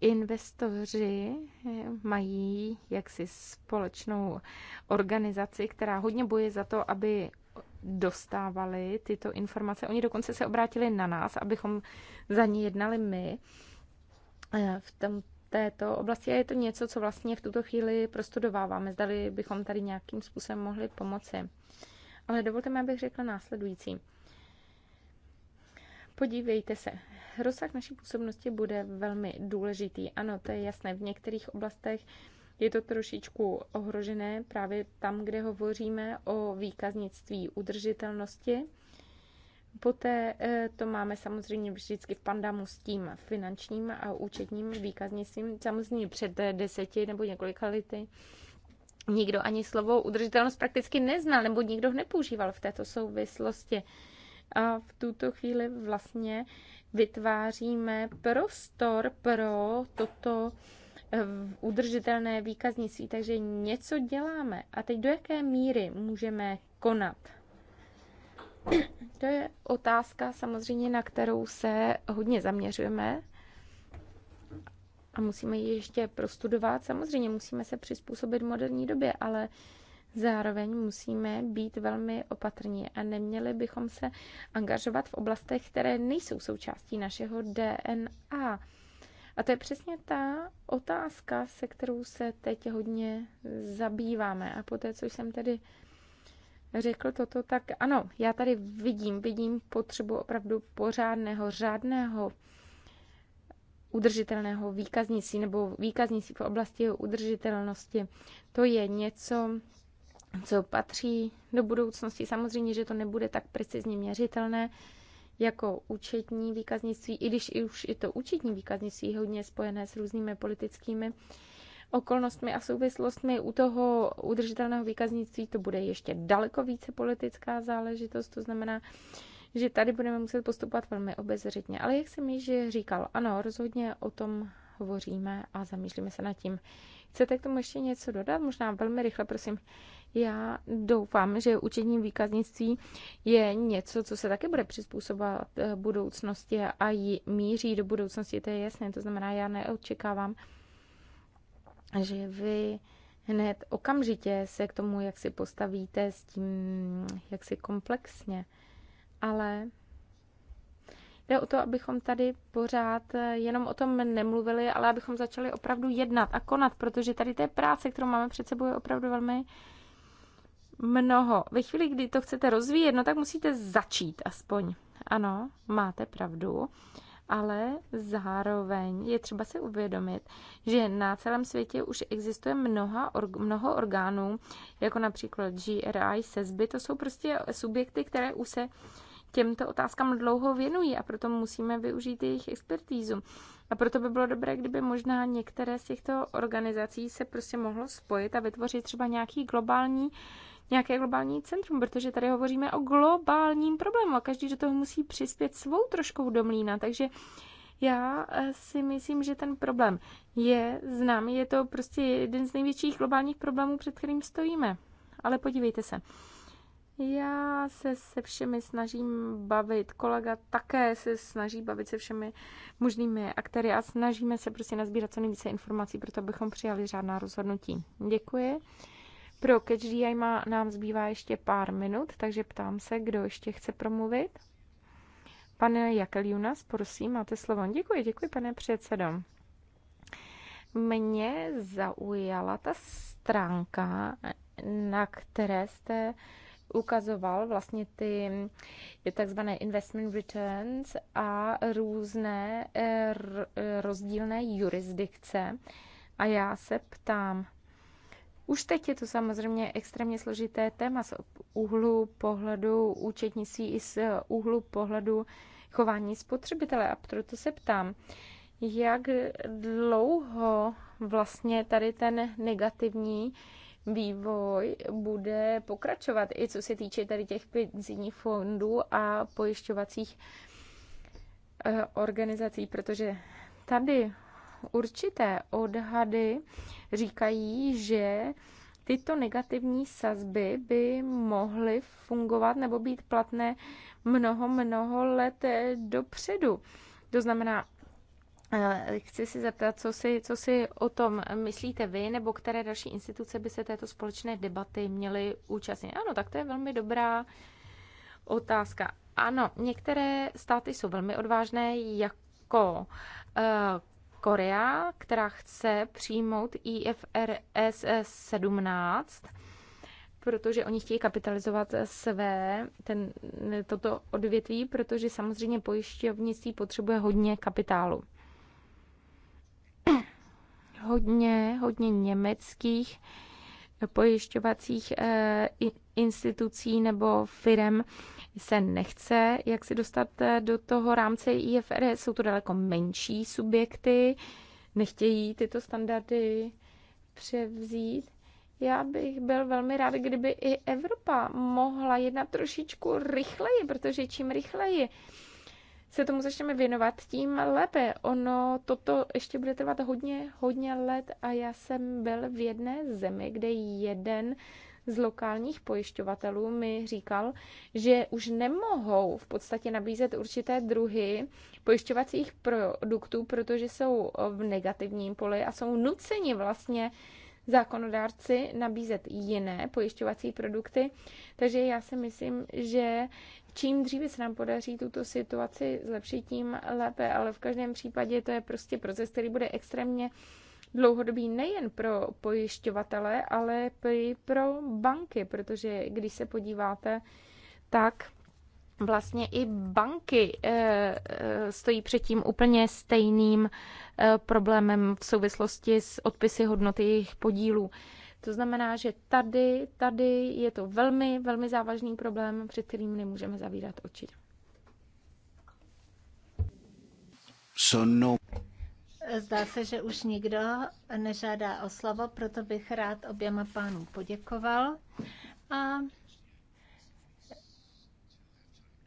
investoři eh, mají jaksi společnou organizaci, která hodně boje za to, aby dostávali tyto informace. Oni dokonce se obrátili na nás, abychom za ně jednali my eh, v tom, této oblasti. A je to něco, co vlastně v tuto chvíli prostudováváme. Zdali bychom tady nějakým způsobem mohli pomoci. Ale dovolte mi, abych řekla následující. Podívejte se, rozsah naší působnosti bude velmi důležitý. Ano, to je jasné, v některých oblastech je to trošičku ohrožené právě tam, kde hovoříme o výkaznictví udržitelnosti. Poté eh, to máme samozřejmě vždycky v pandamu s tím finančním a účetním výkaznictvím. Samozřejmě před deseti nebo několika lety nikdo ani slovo udržitelnost prakticky neznal, nebo nikdo ho nepoužíval v této souvislosti a v tuto chvíli vlastně vytváříme prostor pro toto eh, udržitelné výkaznictví, takže něco děláme. A teď do jaké míry můžeme konat? To je otázka samozřejmě, na kterou se hodně zaměřujeme a musíme ji ještě prostudovat. Samozřejmě musíme se přizpůsobit moderní době, ale Zároveň musíme být velmi opatrní a neměli bychom se angažovat v oblastech, které nejsou součástí našeho DNA. A to je přesně ta otázka, se kterou se teď hodně zabýváme. A poté, co jsem tedy řekl toto, tak ano, já tady vidím, vidím potřebu opravdu pořádného, řádného udržitelného výkaznictví nebo výkaznictví v oblasti udržitelnosti. To je něco, co patří do budoucnosti. Samozřejmě, že to nebude tak precizně měřitelné jako účetní výkaznictví, i když i už i to účetní výkaznictví je hodně spojené s různými politickými okolnostmi a souvislostmi. U toho udržitelného výkaznictví to bude ještě daleko více politická záležitost, to znamená, že tady budeme muset postupovat velmi obezřetně. Ale jak jsem již říkal, ano, rozhodně o tom hovoříme a zamýšlíme se nad tím. Chcete k tomu ještě něco dodat? Možná velmi rychle, prosím. Já doufám, že učení výkaznictví je něco, co se také bude přizpůsobovat eh, budoucnosti a jí míří do budoucnosti, to je jasné. To znamená, já neočekávám, že vy hned okamžitě se k tomu, jak si postavíte s tím, jak si komplexně, ale Jde o to, abychom tady pořád eh, jenom o tom nemluvili, ale abychom začali opravdu jednat a konat, protože tady té práce, kterou máme před sebou, je opravdu velmi mnoho. Ve chvíli, kdy to chcete rozvíjet, no tak musíte začít aspoň. Ano, máte pravdu, ale zároveň je třeba si uvědomit, že na celém světě už existuje mnoha, mnoho orgánů, jako například GRI, SESBY, to jsou prostě subjekty, které už se těmto otázkám dlouho věnují a proto musíme využít jejich expertízu. A proto by bylo dobré, kdyby možná některé z těchto organizací se prostě mohlo spojit a vytvořit třeba nějaký globální nějaké globální centrum, protože tady hovoříme o globálním problému a každý do toho musí přispět svou troškou do mlína, takže já eh, si myslím, že ten problém je známý, je to prostě jeden z největších globálních problémů, před kterým stojíme. Ale podívejte se, já se se všemi snažím bavit, kolega také se snaží bavit se všemi možnými aktéry a snažíme se prostě nazbírat co nejvíce informací, proto abychom přijali řádná rozhodnutí. Děkuji. Pro CatchDI má, nám zbývá ještě pár minut, takže ptám se, kdo ještě chce promluvit. Pane Jakel Junas, prosím, máte slovo. Děkuji, děkuji, pane předsedo. Mě zaujala ta stránka, na které jste ukazoval vlastně ty takzvané investment returns a různé eh, eh, rozdílné jurisdikce. A já se ptám, už teď je to samozřejmě extrémně složité téma z úhlu pohledu účetnictví i z úhlu pohledu chování spotřebitele. A proto se ptám, jak dlouho vlastně tady ten negativní vývoj bude pokračovat, i co se týče tady těch penzijních fondů a pojišťovacích eh, organizací, protože tady určité odhady říkají, že tyto negativní sazby by mohly fungovat nebo být platné mnoho, mnoho let dopředu. To znamená, eh, Chci si zeptat, co si, co si o tom myslíte vy, nebo které další instituce by se této společné debaty měly účastnit? Ano, tak to je velmi dobrá otázka. Ano, některé státy jsou velmi odvážné, jako eh, Korea, která chce přijmout IFRS 17, protože oni chtějí kapitalizovat své, ten, toto odvětví, protože samozřejmě pojišťovnictví potřebuje hodně kapitálu. hodně, hodně německých pojišťovacích eh, institucí nebo firm se nechce jak si dostat eh, do toho rámce IFR, Jsou to daleko menší subjekty, nechtějí tyto standardy převzít. Já bych byl velmi rád, kdyby i Evropa mohla jednat trošičku rychleji, protože čím rychleji se tomu začneme věnovat, tím lépe. Ono toto ještě bude trvat hodně, hodně let a já jsem byl v jedné zemi, kde jeden z lokálních pojišťovatelů mi říkal, že už nemohou v podstatě nabízet určité druhy pojišťovacích produktů, protože jsou v negativním poli a jsou nuceni vlastně zákonodárci nabízet jiné pojišťovací produkty. Takže já si myslím, že čím dříve se nám podaří tuto situaci zlepšit, tím lépe, ale v každém případě to je prostě proces, který bude extrémně dlouhodobý nejen pro pojišťovatele, ale i pro banky, protože když se podíváte, tak vlastně i banky eh, eh, stojí před tím úplně stejným eh, problémem v souvislosti s odpisy hodnoty jejich podílů. To znamená, že tady, tady je to velmi, velmi závažný problém, před kterým nemůžeme zavírat oči. So no. Zdá se, že už nikdo nežádá o slovo, proto bych rád oběma pánům poděkoval. A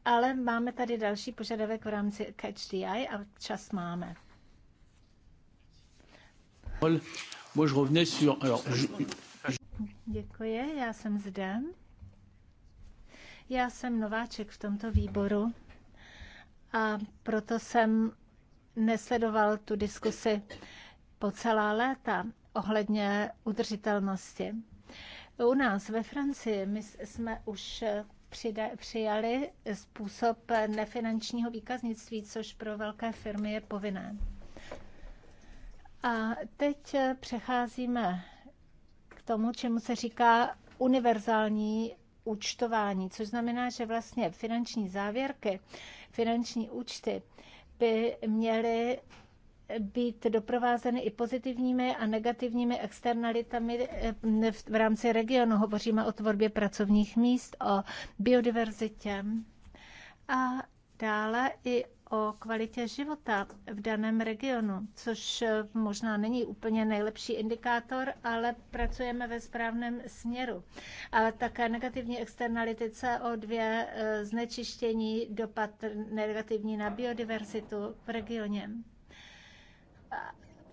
ale máme tady další požadavek v rámci Catch the Eye a čas máme. Děkuji, já jsem zde. Já jsem nováček v tomto výboru a proto jsem nesledoval tu diskusi po celá léta ohledně udržitelnosti. U nás ve Francii my jsme už přijali způsob nefinančního výkaznictví, což pro velké firmy je povinné. A teď přecházíme k tomu, čemu se říká univerzální účtování, což znamená, že vlastně finanční závěrky, finanční účty by měly být doprovázeny i pozitivními a negativními externalitami eh, v rámci regionu. Hovoříme o tvorbě pracovních míst, o biodiverzitě a dále i o kvalitě života v daném regionu, což eh, možná není úplně nejlepší indikátor, ale pracujeme ve správném směru. Ale také negativní externality CO2, eh, znečištění, dopad negativní na biodiverzitu v regioně.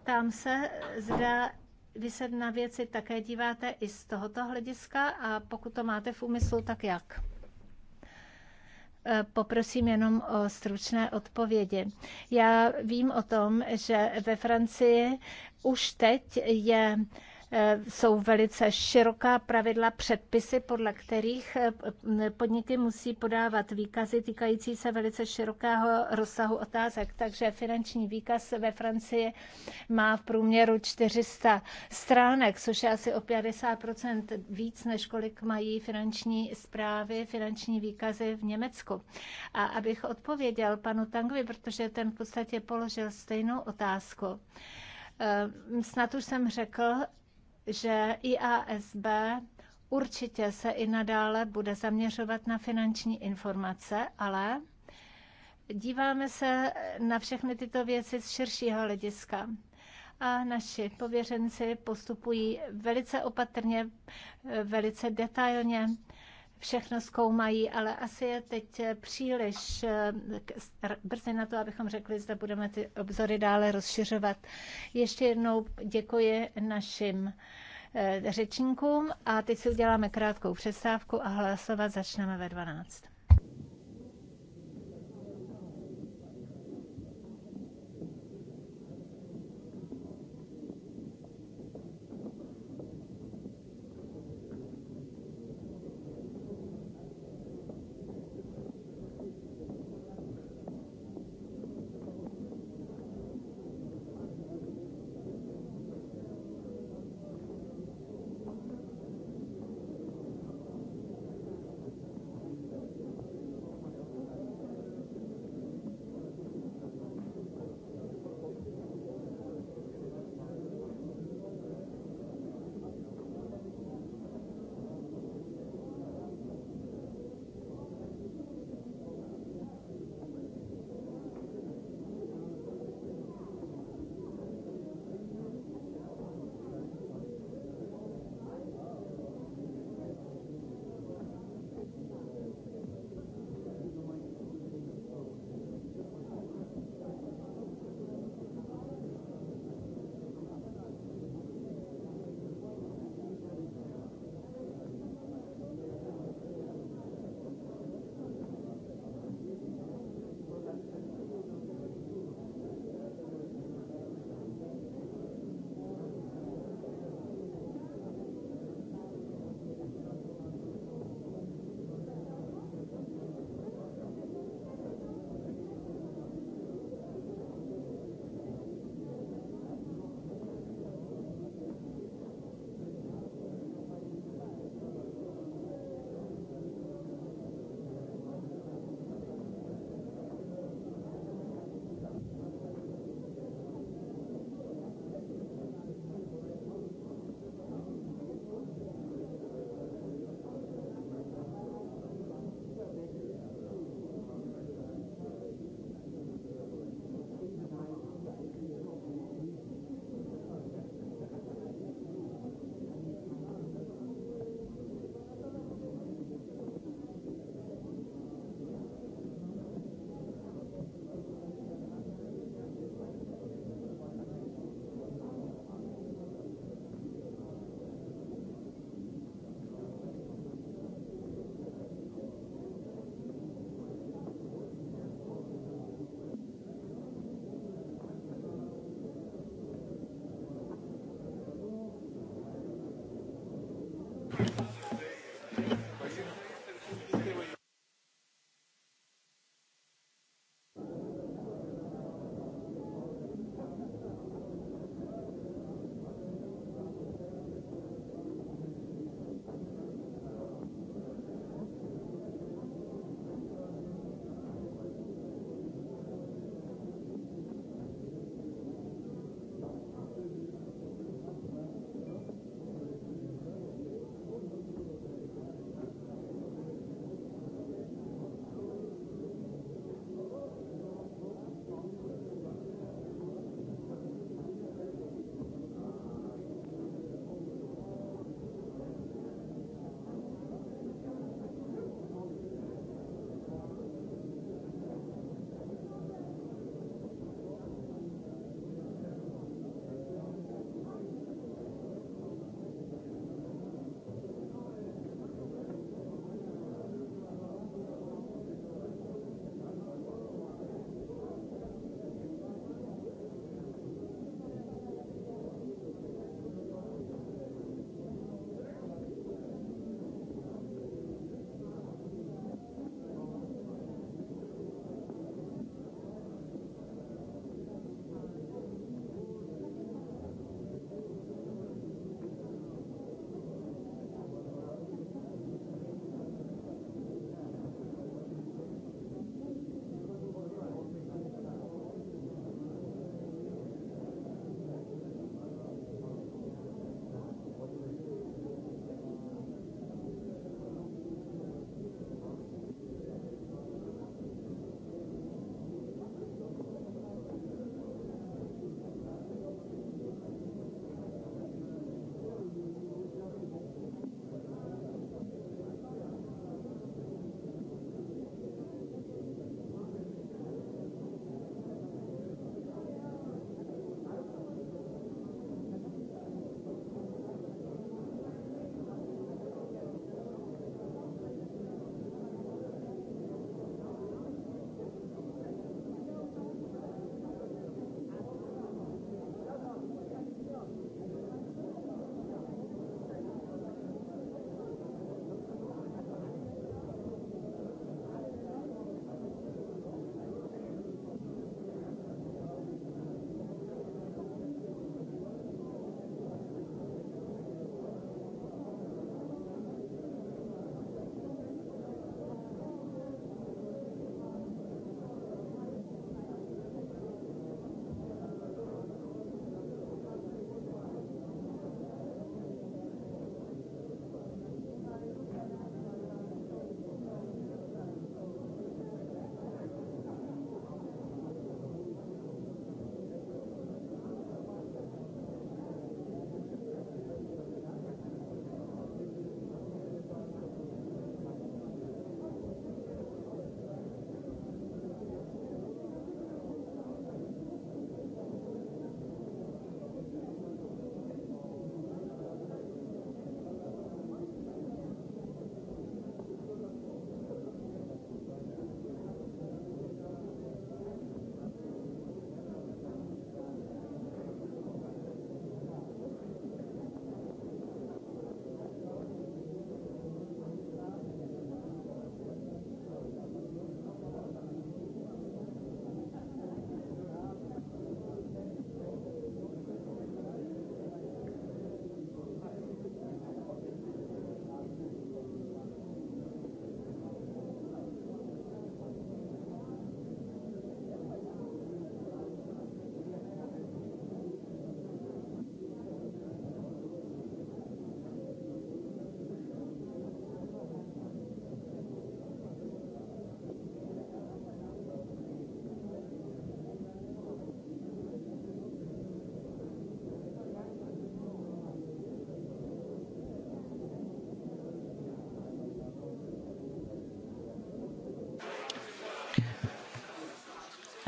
Ptám se, zda vy se na věci také díváte i z tohoto hlediska a pokud to máte v úmyslu, tak jak? E, poprosím jenom o stručné odpovědi. Já vím o tom, že ve Francii už teď je Eh, jsou velice široká pravidla, předpisy, podle kterých eh, podniky musí podávat výkazy týkající se velice širokého rozsahu otázek. Takže finanční výkaz ve Francii má v průměru 400 stránek, což je asi o 50 víc, než kolik mají finanční zprávy, finanční výkazy v Německu. A abych odpověděl panu Tangovi, protože ten v podstatě položil stejnou otázku. Eh, snad už jsem řekl, že IASB určitě se i nadále bude zaměřovat na finanční informace, ale díváme se na všechny tyto věci z širšího hlediska a naši pověřenci postupují velice opatrně, velice detailně všechno zkoumají, ale asi je teď příliš eh, brzy na to, abychom řekli, zda budeme ty obzory dále rozšiřovat. Ještě jednou děkuji našim eh, řečníkům a teď si uděláme krátkou přestávku a hlasovat začneme ve 12.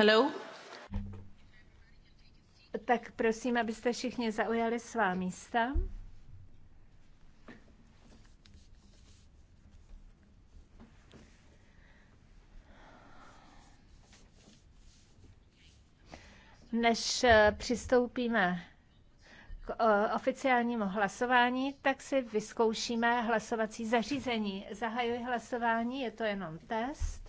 Hello? Tak prosím, abyste všichni zaujali svá místa. Než eh, přistoupíme k eh, oficiálnímu hlasování, tak si vyzkoušíme hlasovací zařízení. Zahajuji hlasování, je to jenom test.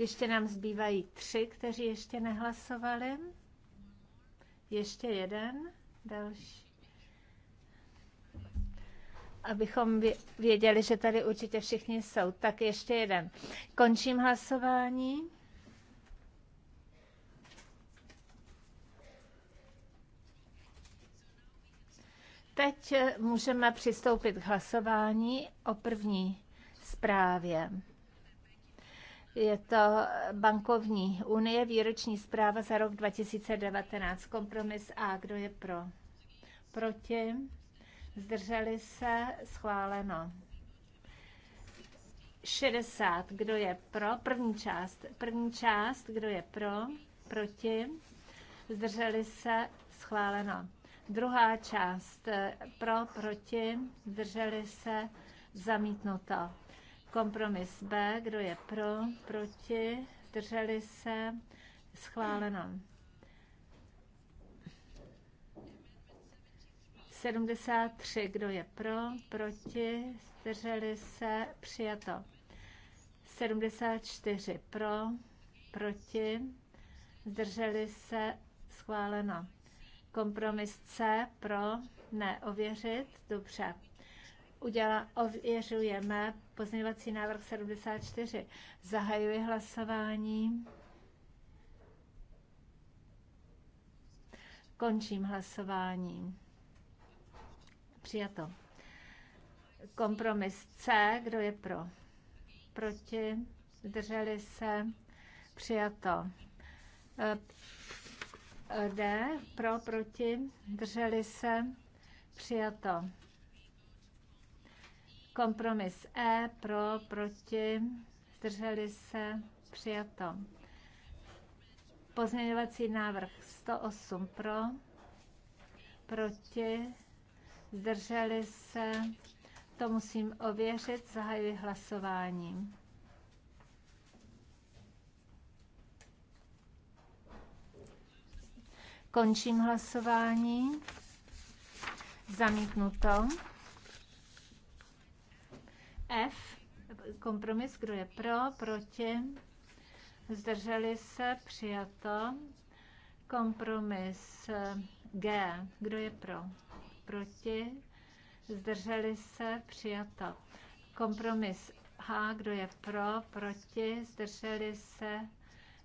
Ještě nám zbývají tři, kteří ještě nehlasovali. Ještě jeden, další. Abychom věděli, že tady určitě všichni jsou. Tak ještě jeden. Končím hlasování. Teď eh, můžeme přistoupit k hlasování o první zprávě. Je to bankovní unie, výroční zpráva za rok 2019. Kompromis A. Kdo je pro? Proti? Zdrželi se? Schváleno. 60. Kdo je pro? První část. První část. Kdo je pro? Proti? Zdrželi se? Schváleno. Druhá část. Pro? Proti? Zdrželi se? Zamítnuto. Kompromis B, kdo je pro, proti, zdrželi se, schváleno. 73, kdo je pro, proti, zdrželi se, přijato. 74 pro, proti, zdrželi se, schváleno. Kompromis C pro, neověřit, dobře, uděla, ověřujeme pozměňovací návrh 74. Zahajuji hlasování. Končím hlasování. Přijato. Kompromis C. Kdo je pro? Proti? Zdrželi se? Přijato. E, e, D. Pro, proti? Drželi se? Přijato. Kompromis E pro, proti, zdrželi se, přijato. Pozměňovací návrh 108 pro, proti, zdrželi se, to musím ověřit, zahajuji hlasování. Končím hlasování. Zamítnuto. F, kompromis, kdo je pro, proti, zdrželi se, přijato. Kompromis G, kdo je pro, proti, zdrželi se, přijato. Kompromis H, kdo je pro, proti, zdrželi se,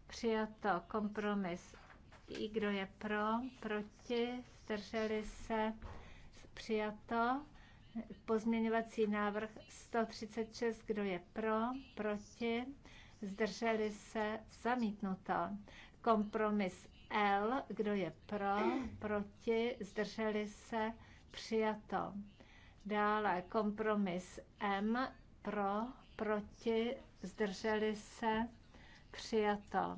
přijato. Kompromis I, kdo je pro, proti, zdrželi se, přijato. Pozměňovací návrh 136, kdo je pro, proti, zdrželi se, zamítnuto. Kompromis L, kdo je pro, proti, zdrželi se, přijato. Dále kompromis M, pro, proti, zdrželi se, přijato.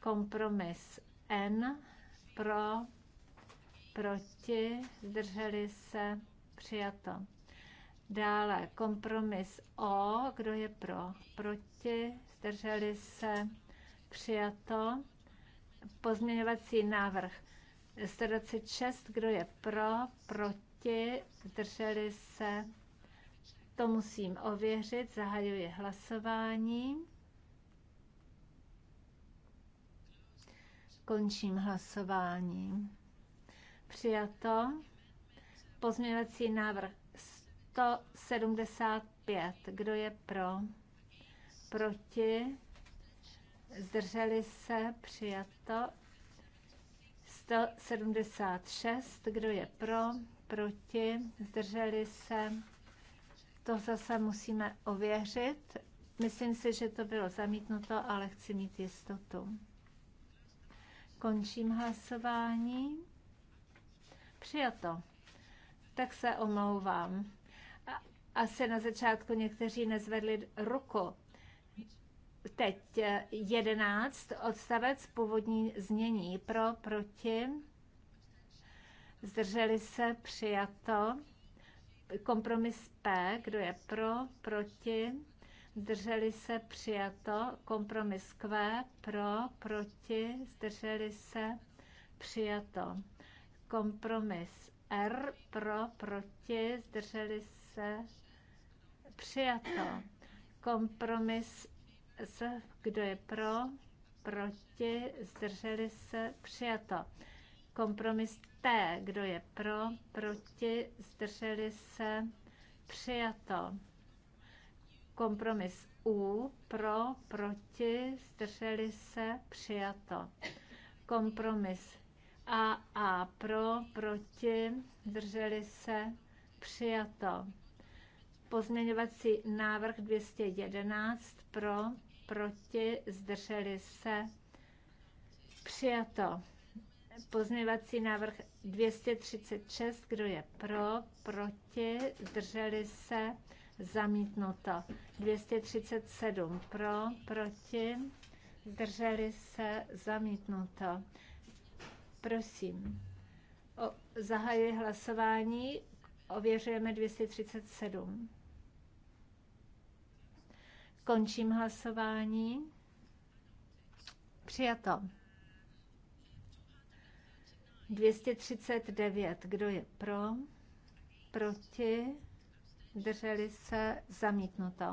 Kompromis N, pro, proti, zdrželi se, Přijato. Dále kompromis O, kdo je pro, proti, zdrželi se, přijato. Pozměňovací návrh 126, kdo je pro, proti, zdrželi se, to musím ověřit, zahajuji hlasování. Končím hlasování. Přijato. Pozměňovací návrh 175. Kdo je pro? Proti? Zdrželi se? Přijato. 176. Kdo je pro? Proti? Zdrželi se? To zase musíme ověřit. Myslím si, že to bylo zamítnuto, ale chci mít jistotu. Končím hlasování. Přijato tak se omlouvám. Asi na začátku někteří nezvedli ruku. Teď 11 eh, odstavec původní znění pro, proti, zdrželi se, přijato, kompromis P, kdo je pro, proti, zdrželi se, přijato, kompromis Q, pro, proti, zdrželi se, přijato, kompromis R pro, proti, zdrželi se, přijato. Kompromis s, kdo je pro, proti, zdrželi se, přijato. Kompromis T, kdo je pro, proti, zdrželi se, přijato. Kompromis U, pro, proti, zdrželi se, přijato. Kompromis a A pro, proti, zdrželi se, přijato. Pozměňovací návrh 211 pro, proti, zdrželi se, přijato. Pozměňovací návrh 236, kdo je pro, proti, zdrželi se, zamítnuto. 237 pro, proti, zdrželi se, zamítnuto. Prosím. O, zahajuji hlasování. Ověřujeme 237. Končím hlasování. Přijato. 239. Kdo je pro? Proti? Drželi se? Zamítnuto.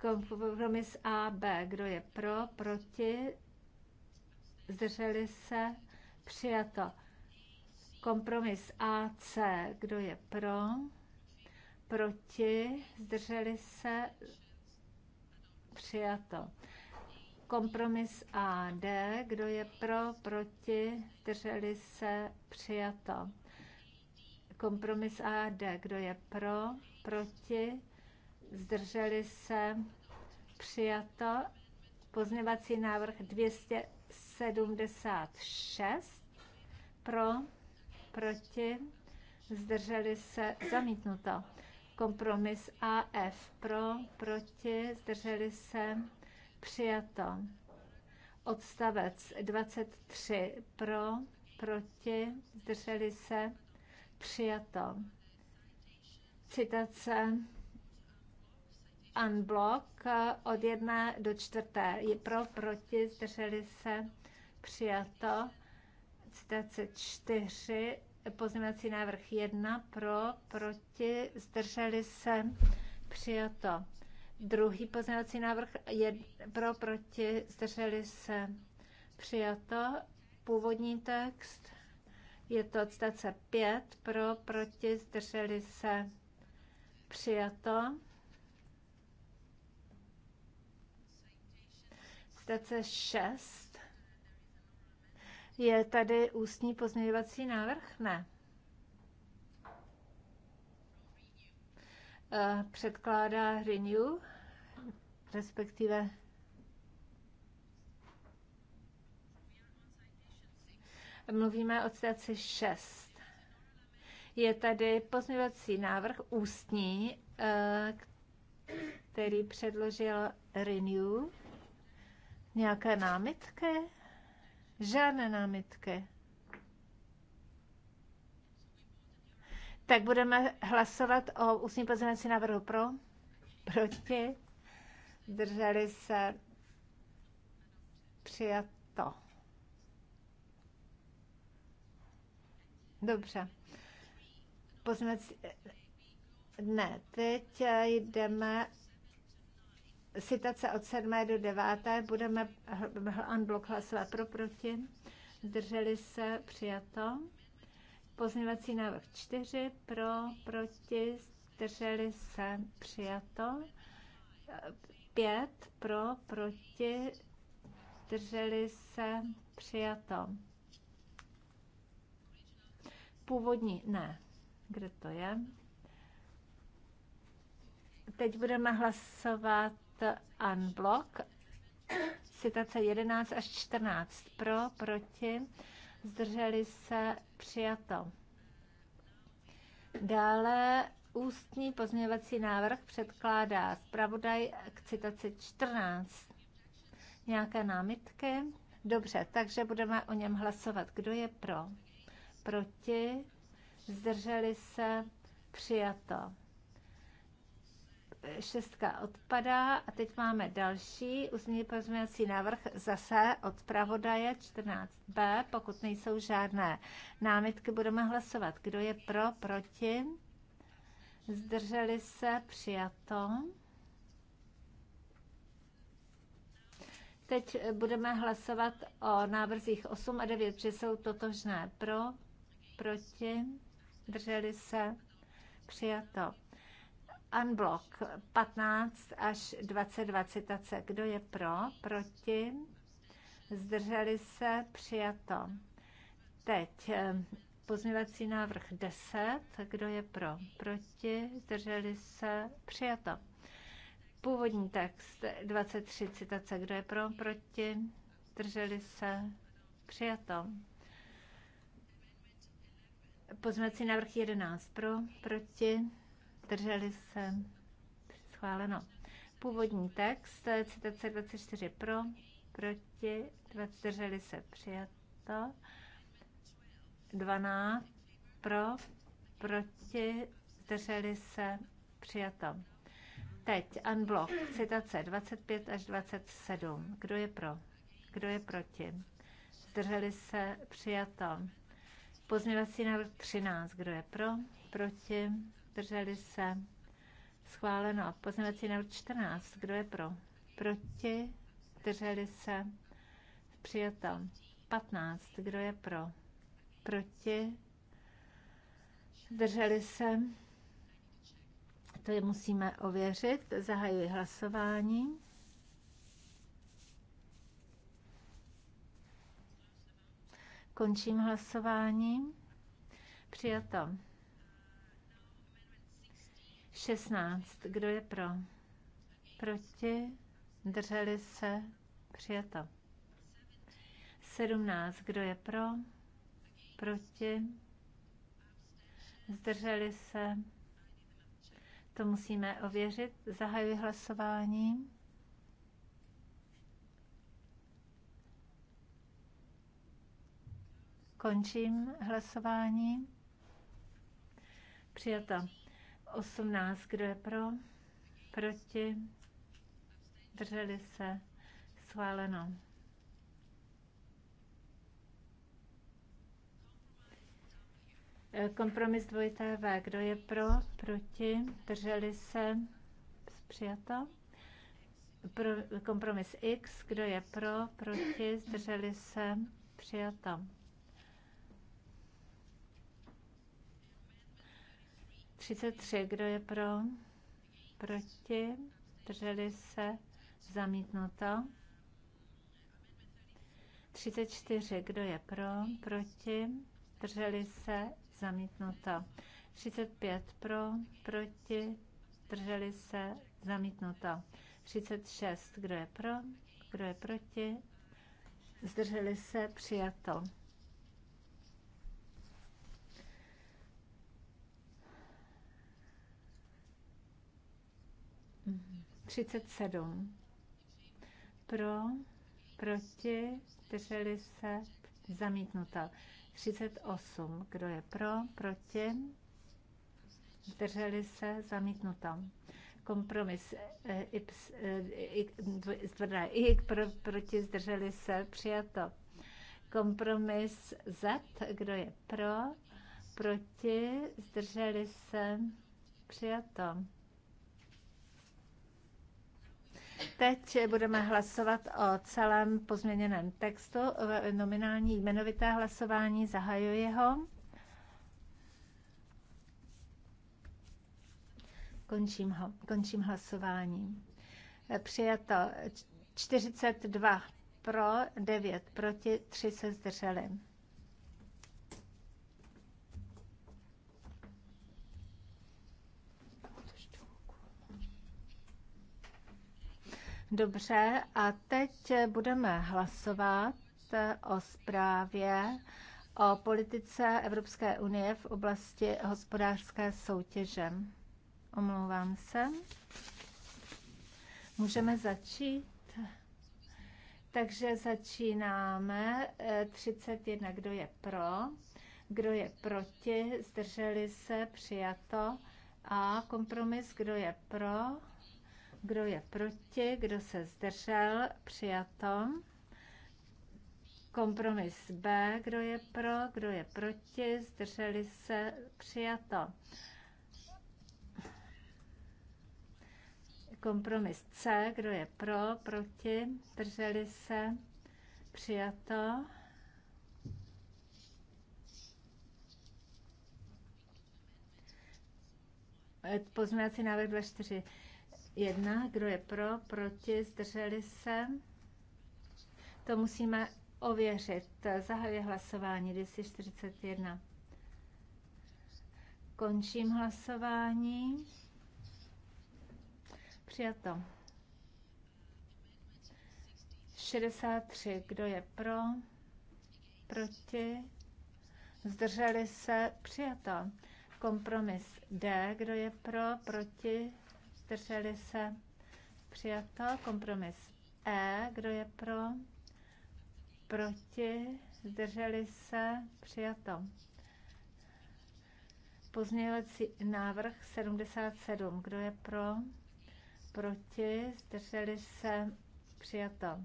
Kompromis A, B. Kdo je pro? Proti? zdrželi se, přijato. Kompromis AC, kdo je pro, proti, zdrželi se, přijato. Kompromis AD, kdo je pro, proti, zdrželi se, přijato. Kompromis AD, kdo je pro, proti, zdrželi se, přijato. Pozměvací návrh 200 76 pro, proti, zdrželi se, zamítnuto. Kompromis AF pro, proti, zdrželi se, přijato. Odstavec 23 pro, proti, zdrželi se, přijato. Citace unblock eh, od 1 do 4. Je pro, proti, zdrželi se, přijato. Citace 4, pozměňovací návrh 1, pro, proti, zdrželi se, přijato. Druhý pozměňovací návrh je pro, proti, zdrželi se, přijato. Původní text je to odstace 5, pro, proti, zdrželi se, přijato. odstavce 6. Je tady ústní pozměňovací návrh? Ne. Eh, předkládá Renew, respektive mluvíme o odstavci 6. Je tady pozměňovací návrh ústní, eh, který předložil Renew. Nějaké námitky? Žádné námitky. Tak budeme hlasovat o ústní pozměňovacím návrhu pro, proti, drželi se, přijato. Dobře. Pozměňovací... Ne, teď jdeme citace od 7. do 9. budeme unblock hlasovat pro proti. Zdrželi se přijato. Pozměňovací návrh 4 pro proti. Zdrželi se přijato. 5 pro proti. Zdrželi se přijato. Původní ne. Kde to je? Teď budeme hlasovat unblock. Citace 11 až 14. Pro, proti, zdrželi se, přijato. Dále ústní pozměňovací návrh předkládá zpravodaj k citaci 14. Nějaké námitky? Dobře, takže budeme o něm hlasovat. Kdo je pro? Proti? Zdrželi se? Přijato šestka odpadá a teď máme další ústní pozměňovací návrh zase od pravodaje 14b. Pokud nejsou žádné námitky, budeme hlasovat. Kdo je pro, proti? Zdrželi se, přijato. Teď budeme hlasovat o návrzích 8 a 9, že jsou totožné. Pro, proti, drželi se, přijato. Unblock 15 až 22 tace, Kdo je pro, proti, zdrželi se, přijato. Teď eh, pozměvací návrh 10. Kdo je pro, proti, zdrželi se, přijato. Původní text 23 citace. Kdo je pro, proti, zdrželi se, přijato. Pozměvací návrh 11 pro, proti, drželi se, schváleno. Původní text, to je citace 24 pro, proti, drželi se, přijato. 12 pro, proti, drželi se, přijato. Teď unblock, citace 25 až 27. Kdo je pro? Kdo je proti? Zdrželi se, přijato. Pozměvací návrh 13. Kdo je pro? Proti? zdrželi se, schváleno. Pozměňovací návrh 14, kdo je pro? Proti, zdrželi se, přijato. 15, kdo je pro? Proti, zdrželi se, to je musíme ověřit. Zahajuji hlasování. Končím hlasování. Přijato. 16. Kdo je pro? Proti? Drželi se? Přijato. 17. Kdo je pro? Proti? Zdrželi se? To musíme ověřit. Zahajuji hlasování. Končím hlasování. Přijato. 18, kdo je pro? Proti? Drželi se? Schváleno. Kompromis dvojité V. Kdo je pro? Proti? Drželi se? Přijato? Pro, kompromis X. Kdo je pro? Proti? Drželi se? Přijato. 33. Kdo je pro? Proti? Drželi se? Zamítnuto. 34. Kdo je pro? Proti? Drželi se? Zamítnuto. 35. Pro? Proti? Drželi se? Zamítnuto. 36. Kdo je pro? Kdo je proti? Zdrželi se? Přijato. 37. Pro, proti, drželi se, zamítnuto. 38. Kdo je pro, proti, zdrželi se, zamítnuto. Kompromis eh, i, eh, I, pro, proti, zdrželi se, přijato. Kompromis Z, kdo je pro, proti, zdrželi se, přijato. teď budeme hlasovat o celém pozměněném textu. Nominální jmenovité hlasování zahajuji ho. Končím, ho, končím hlasování. Přijato 42 pro, 9 proti, 3 se zdrželi. Dobře, a teď budeme hlasovat o zprávě o politice Evropské unie v oblasti hospodářské soutěže. Omlouvám se. Můžeme začít? Takže začínáme. 31. Eh, kdo je pro? Kdo je proti? Zdrželi se? Přijato. A kompromis, kdo je pro? Kdo je proti? Kdo se zdržel? Přijato. Kompromis B. Kdo je pro? Kdo je proti? Zdrželi se? Přijato. Kompromis C. Kdo je pro? Proti? Zdrželi se? Přijato. Pozměňovací návrh 24. Jedna, Kdo je pro? Proti? Zdrželi se? To musíme ověřit. Zahajuje hlasování 241. Končím hlasování. Přijato. 63. Kdo je pro? Proti? Zdrželi se? Přijato. Kompromis D. Kdo je pro? Proti? zdrželi se, přijato. Kompromis E, kdo je pro, proti, zdrželi se, přijato. Pozměňovací návrh 77, kdo je pro, proti, zdrželi se, přijato.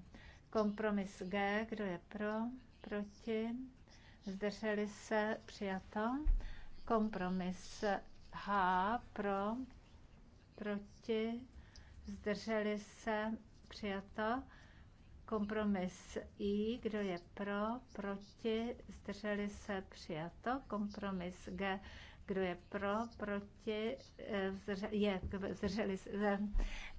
Kompromis G, kdo je pro, proti, zdrželi se, přijato. Kompromis H, pro, proti, zdrželi se, přijato. Kompromis I, kdo je pro, proti, zdrželi se, přijato. Kompromis G, kdo je pro, proti, eh, zdrželi, je, zdrželi se, eh,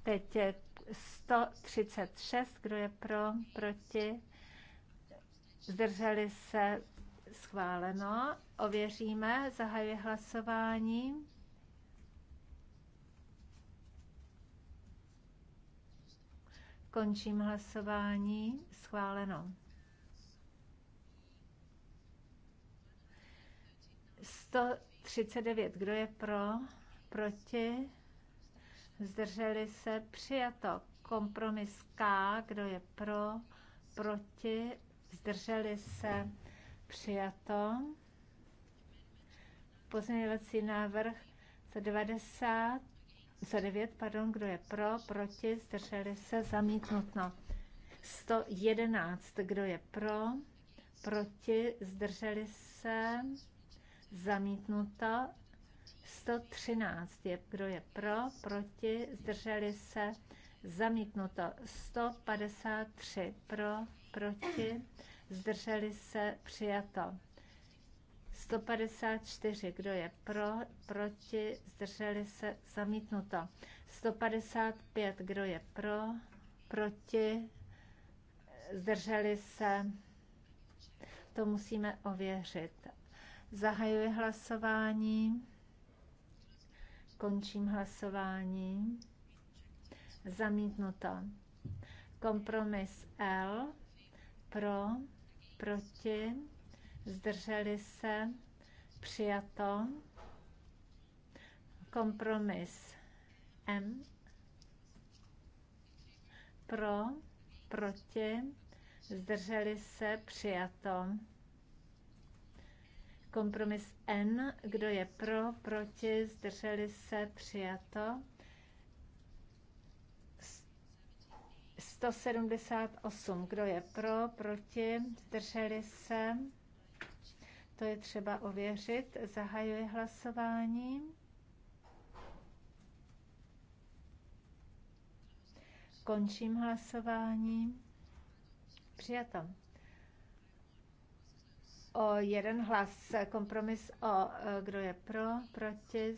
teď je 136, kdo je pro, proti, zdrželi se, schváleno. Ověříme, zahajuji hlasování. Končím hlasování. Schváleno. 139. Kdo je pro? Proti? Zdrželi se? Přijato. Kompromis K. Kdo je pro? Proti? Zdrželi se? Přijato. Pozměňovací návrh 190 109, pardon, kdo je pro, proti, zdrželi se, zamítnutno 111, kdo je pro, proti, zdrželi se, zamítnuto. 113, je, kdo je pro, proti, zdrželi se, zamítnuto. 153, pro, proti, zdrželi se, přijato. 154, kdo je pro, proti, zdrželi se, zamítnuto. 155, kdo je pro, proti, zdrželi se, to musíme ověřit. Zahajuji hlasování, končím hlasování, zamítnuto. Kompromis L, pro, proti, zdrželi se, přijato, kompromis M, pro, proti, zdrželi se, přijato. Kompromis N, kdo je pro, proti, zdrželi se, přijato. 178, kdo je pro, proti, zdrželi se, to je třeba ověřit. Zahajuji hlasování. Končím hlasování. Přijato. O jeden hlas. Kompromis o kdo je pro, proti.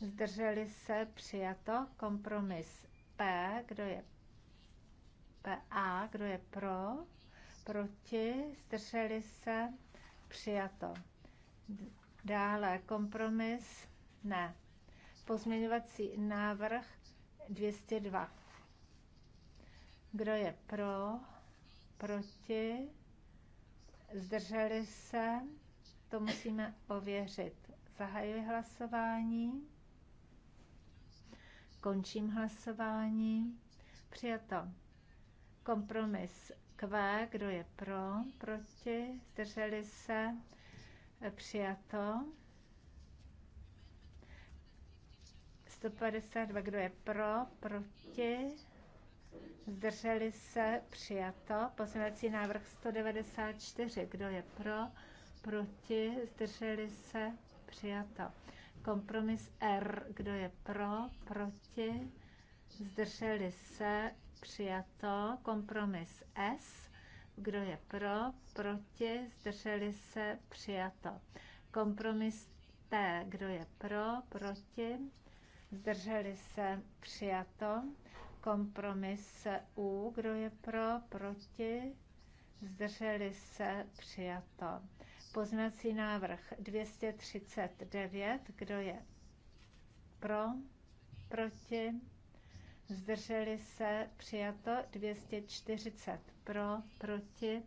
Zdrželi se. Přijato. Kompromis P. Kdo je PA. Kdo je pro, proti. Zdrželi se. Přijato. Dále kompromis. Ne. Pozměňovací návrh 202. Kdo je pro? Proti? Zdrželi se? To musíme ověřit. Zahajuji hlasování. Končím hlasování. Přijato. Kompromis Q, kdo je pro, proti, zdrželi se, přijato. 152, kdo je pro, proti, zdrželi se, přijato. Poslanecí návrh 194, kdo je pro, proti, zdrželi se, přijato. Kompromis R, kdo je pro, proti, zdrželi se, přijato. Kompromis S. Kdo je pro? Proti? Zdrželi se? Přijato. Kompromis T. Kdo je pro? Proti? Zdrželi se? Přijato. Kompromis U. Kdo je pro? Proti? Zdrželi se? Přijato. Poznací návrh 239. Kdo je pro? Proti? zdrželi se, přijato 240 pro, proti,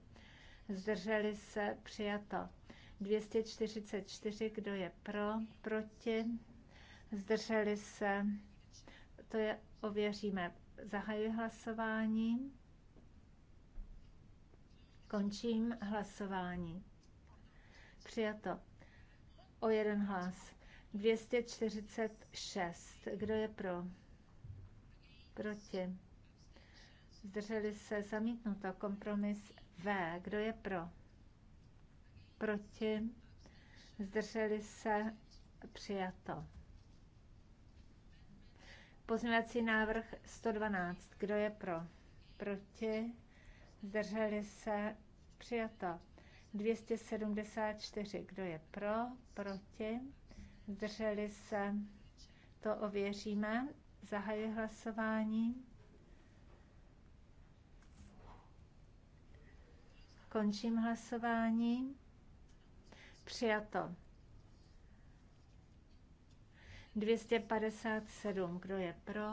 zdrželi se, přijato 244, kdo je pro, proti, zdrželi se, to je ověříme. Zahajuji hlasování. Končím hlasování. Přijato. O jeden hlas. 246. Kdo je pro? proti, zdrželi se, zamítnuto, kompromis V, kdo je pro, proti, zdrželi se, přijato. Pozměňovací návrh 112. Kdo je pro? Proti? Zdrželi se? Přijato. 274. Kdo je pro? Proti? Zdrželi se? To ověříme. Zahajuji hlasování. Končím hlasování. Přijato. 257. Kdo je pro?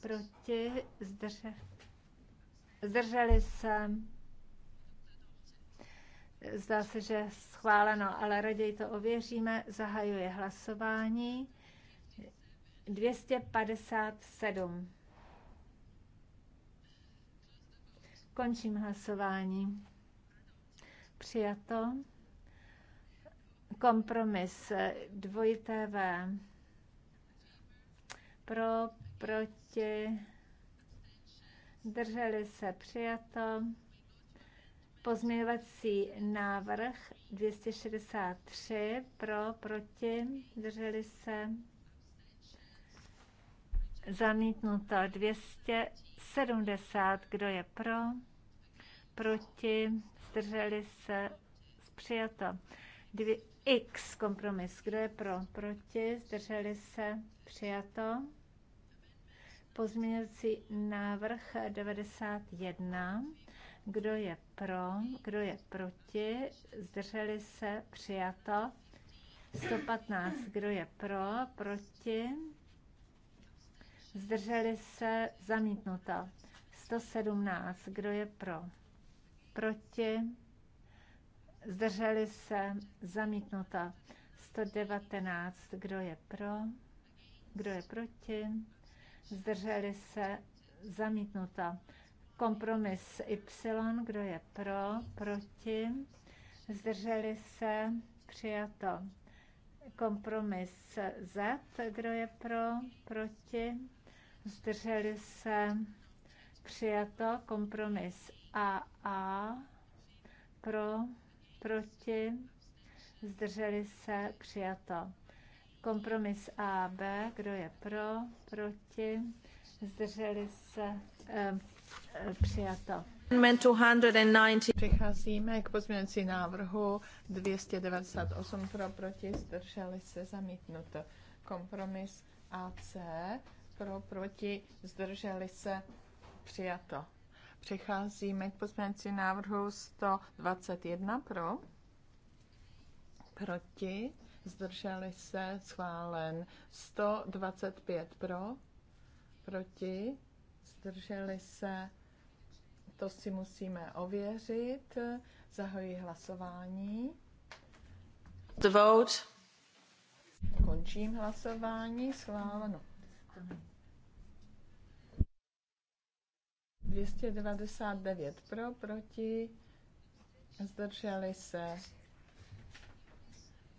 Proti? Zdrže... Zdrželi se. Zdá se, že schváleno, ale raději to ověříme. Zahajuje hlasování. 257. Končím hlasování. Přijato. Kompromis dvojité V. Pro, proti, drželi se přijato. Pozměňovací návrh 263 pro, proti, drželi se Zamítnuto 270. Kdo je pro? Proti? Zdrželi se? Přijato. Dvě, X kompromis. Kdo je pro? Proti? Zdrželi se? Přijato. Pozměňovací návrh 91. Kdo je pro? Kdo je proti? Zdrželi se? Přijato. 115. Kdo je pro? Proti? Zdrželi se zamítnuto. 117. Kdo je pro? Proti? Zdrželi se zamítnuto. 119. Kdo je pro? Kdo je proti? Zdrželi se zamítnuto. Kompromis Y. Kdo je pro? Proti? Zdrželi se přijato kompromis Z. Kdo je pro, proti? zdrželi se, přijato, kompromis AA, pro, proti, zdrželi se, přijato. Kompromis AB, kdo je pro, proti, zdrželi se, eh, přijato. Přicházíme k pozměňovací návrhu 298 pro proti, zdrželi se zamítnuto. Kompromis AC pro, proti, zdrželi se, přijato. Přecházíme k pozměnci návrhu 121 pro, proti, zdrželi se, schválen. 125 pro, proti, zdrželi se, to si musíme ověřit. Zahoji hlasování. The vote. Končím hlasování, schváleno. 299 pro, proti, zdrželi se.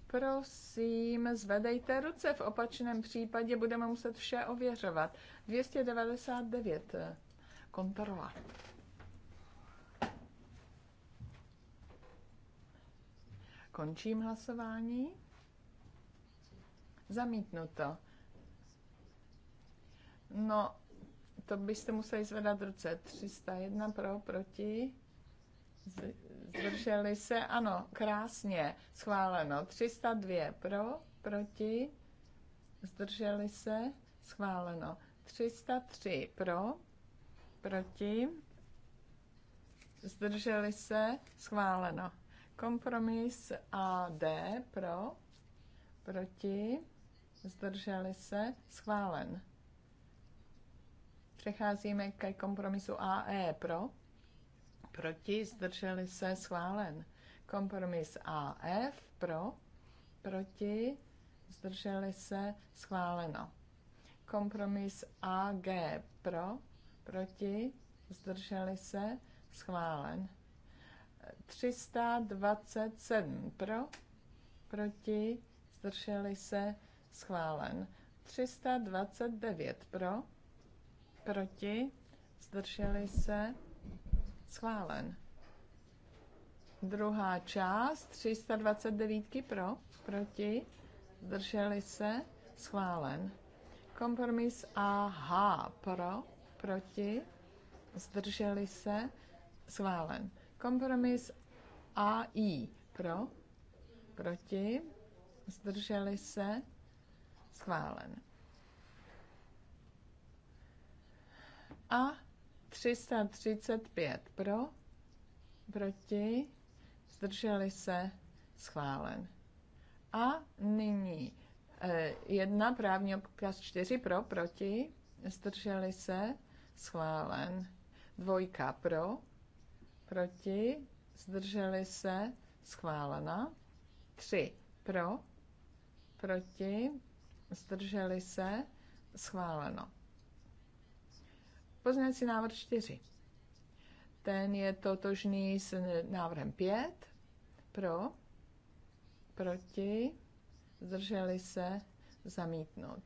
Prosím, zvedejte ruce, v opačném případě budeme muset vše ověřovat. 299, eh, kontrola. Končím hlasování. Zamítnuto. No, to byste museli zvedat ruce. 301 pro, proti. Zdrželi se, ano, krásně, schváleno. 302 pro, proti, zdrželi se, schváleno. 303 pro, proti, zdrželi se, schváleno. Kompromis AD pro, proti, zdrželi se, schválen. Přecházíme ke kompromisu AE pro, proti, zdrželi se, schválen. Kompromis AF pro, proti, zdrželi se, schváleno. Kompromis AG pro, proti, zdrželi se, schválen. 327 pro, proti, zdrželi se, schválen. 329 pro, proti, zdrželi se, schválen. Druhá část, 329 pro, proti, zdrželi se, schválen. Kompromis AH pro, proti, zdrželi se, schválen. Kompromis AI pro, proti, zdrželi se, schválen. A 335 pro, proti, zdrželi se, schválen. A nyní e, jedna právní obkaz 4 pro, proti, zdrželi se, schválen. Dvojka pro, proti, zdrželi se, schválena. Tři pro, proti, zdrželi se, schváleno. Pozměňovací návrh 4. Ten je totožný s návrhem 5. Pro, proti, zdrželi se, zamítnout.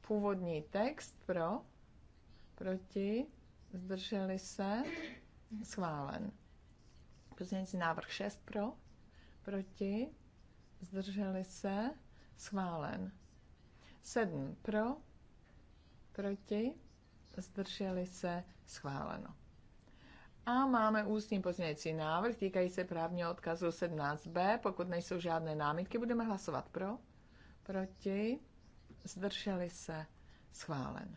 Původní text pro, proti, zdrželi se, schválen. Pozměňovací návrh 6 pro, proti, zdrželi se, schválen. 7 pro, proti, zdrželi se, schváleno. A máme ústní pozměňující návrh, týkají se právního odkazu 17b. Pokud nejsou žádné námitky, budeme hlasovat pro, proti, zdrželi se, schválen.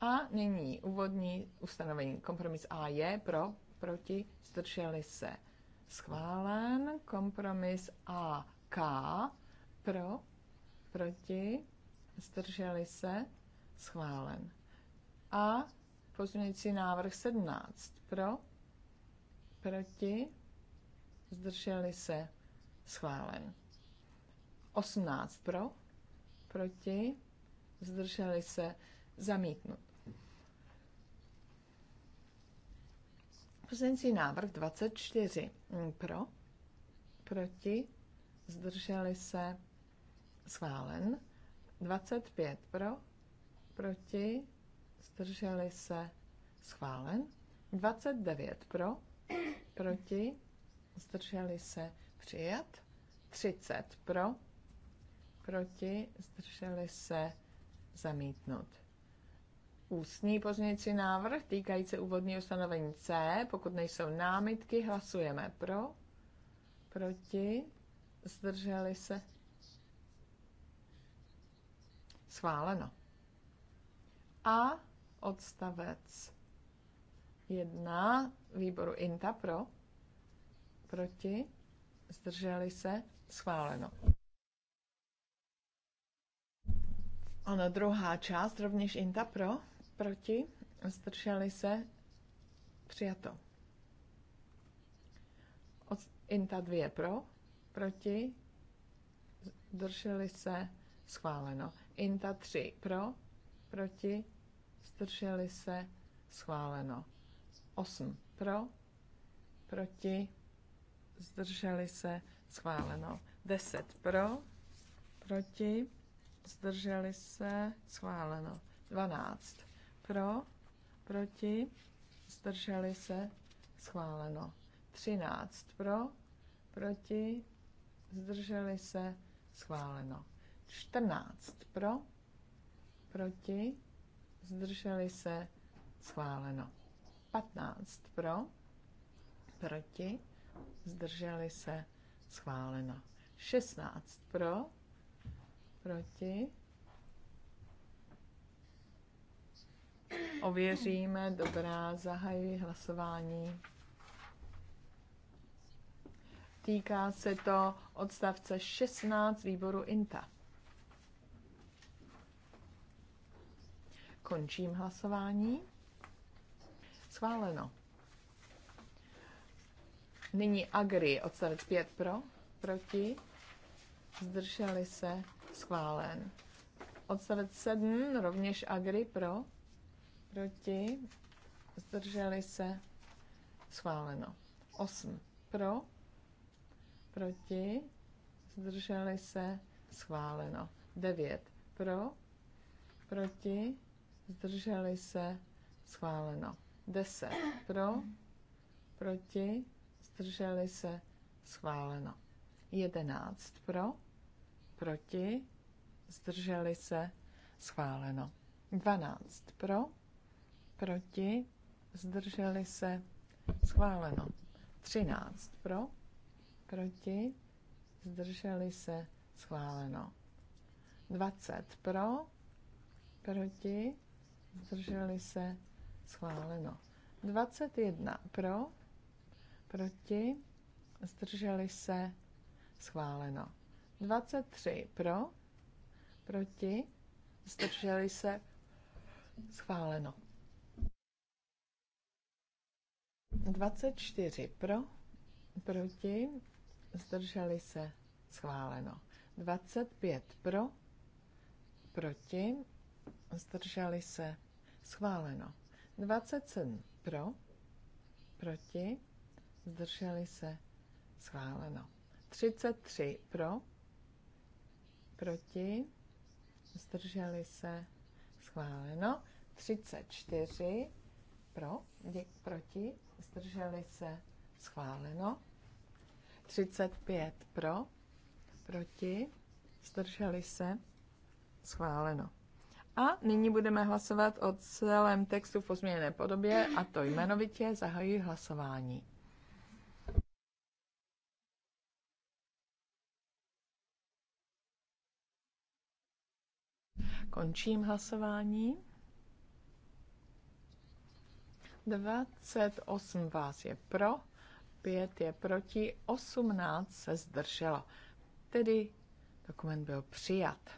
A nyní úvodní ustanovení. Kompromis A je pro, proti, zdrželi se, schválen. Kompromis AK pro, proti, zdrželi se, schválen. A pozměňující návrh 17. Pro? Proti? Zdrželi se? Schválen. 18 pro? Proti? Zdrželi se? Zamítnut. Pozměňující návrh 24. Mm, pro? Proti? Zdrželi se? Schválen. 25 pro? Proti? zdrželi se, schválen. 29 pro, proti, zdrželi se, přijat. 30 pro, proti, zdrželi se, zamítnut. Ústní pozměňující návrh týkající úvodního stanovení C. Pokud nejsou námitky, hlasujeme pro, proti, zdrželi se. Schváleno. A Odstavec 1 výboru INTA pro, proti, zdrželi se, schváleno. Ano, druhá část, rovněž INTA pro, proti, zdrželi se, přijato. INTA 2 pro, proti, zdrželi se, schváleno. INTA 3 pro, proti, zdrželi se, schváleno. 8 pro, proti, zdrželi se, schváleno. 10 pro, proti, zdrželi se, schváleno. 12 pro, proti, zdrželi se, schváleno. 13 pro, proti, zdrželi se, schváleno. 14 pro, proti, zdrželi se, schváleno. 15 pro, proti, zdrželi se, schváleno. 16 pro, proti, ověříme, dobrá, zahajuji hlasování. Týká se to odstavce 16 výboru INTA. Končím hlasování. Schváleno. Nyní Agri, odstavec 5 pro, proti, zdrželi se, schválen. Odstavec 7, rovněž Agri pro, proti, zdrželi se, schváleno. 8 pro, proti, zdrželi se, schváleno. 9 pro, proti, zdrželi se, schváleno. 10 pro, proti, zdrželi se, schváleno. 11 pro, proti, zdrželi se, schváleno. 12 pro, proti, zdrželi se, schváleno. 13 pro, proti, zdrželi se, schváleno. 20 pro, proti, zdrželi se, schváleno. 21 pro, proti, zdrželi se, schváleno. 23 pro, proti, zdrželi se, schváleno. 24 pro, proti, zdrželi se, schváleno. 25 pro, proti, zdrželi se, Schváleno. 27 pro, proti, zdrželi se, schváleno. 33 pro, proti, zdrželi se, schváleno. 34 pro, děk, proti, zdrželi se, schváleno. 35 pro, proti, zdrželi se, schváleno. A nyní budeme hlasovat o celém textu v pozměněné podobě a to jmenovitě zahajuji hlasování. Končím hlasování. 28 vás je pro, 5 je proti, 18 se zdrželo. Tedy dokument byl přijat.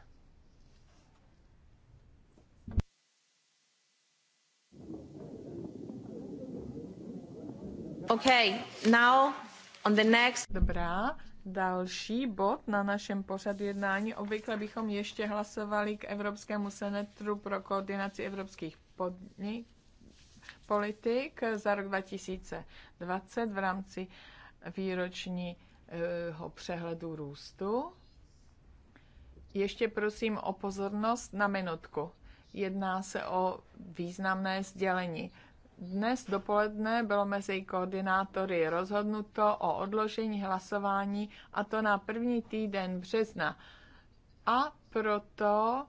Dobrá, další bod na našem pořadu jednání. Obvykle bychom ještě hlasovali k Evropskému senetru pro koordinaci evropských podnik, politik za rok 2020 v rámci výročního přehledu růstu. Ještě prosím o pozornost na minutku. Jedná se o významné sdělení. Dnes dopoledne bylo mezi koordinátory rozhodnuto o odložení hlasování a to na první týden března. A proto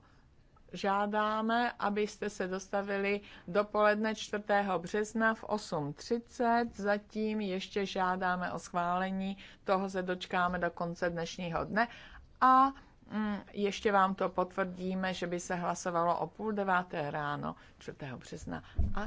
žádáme, abyste se dostavili dopoledne 4. března v 8.30. Zatím ještě žádáme o schválení, toho se dočkáme do konce dnešního dne. A mm, ještě vám to potvrdíme, že by se hlasovalo o půl deváté ráno 4. března. A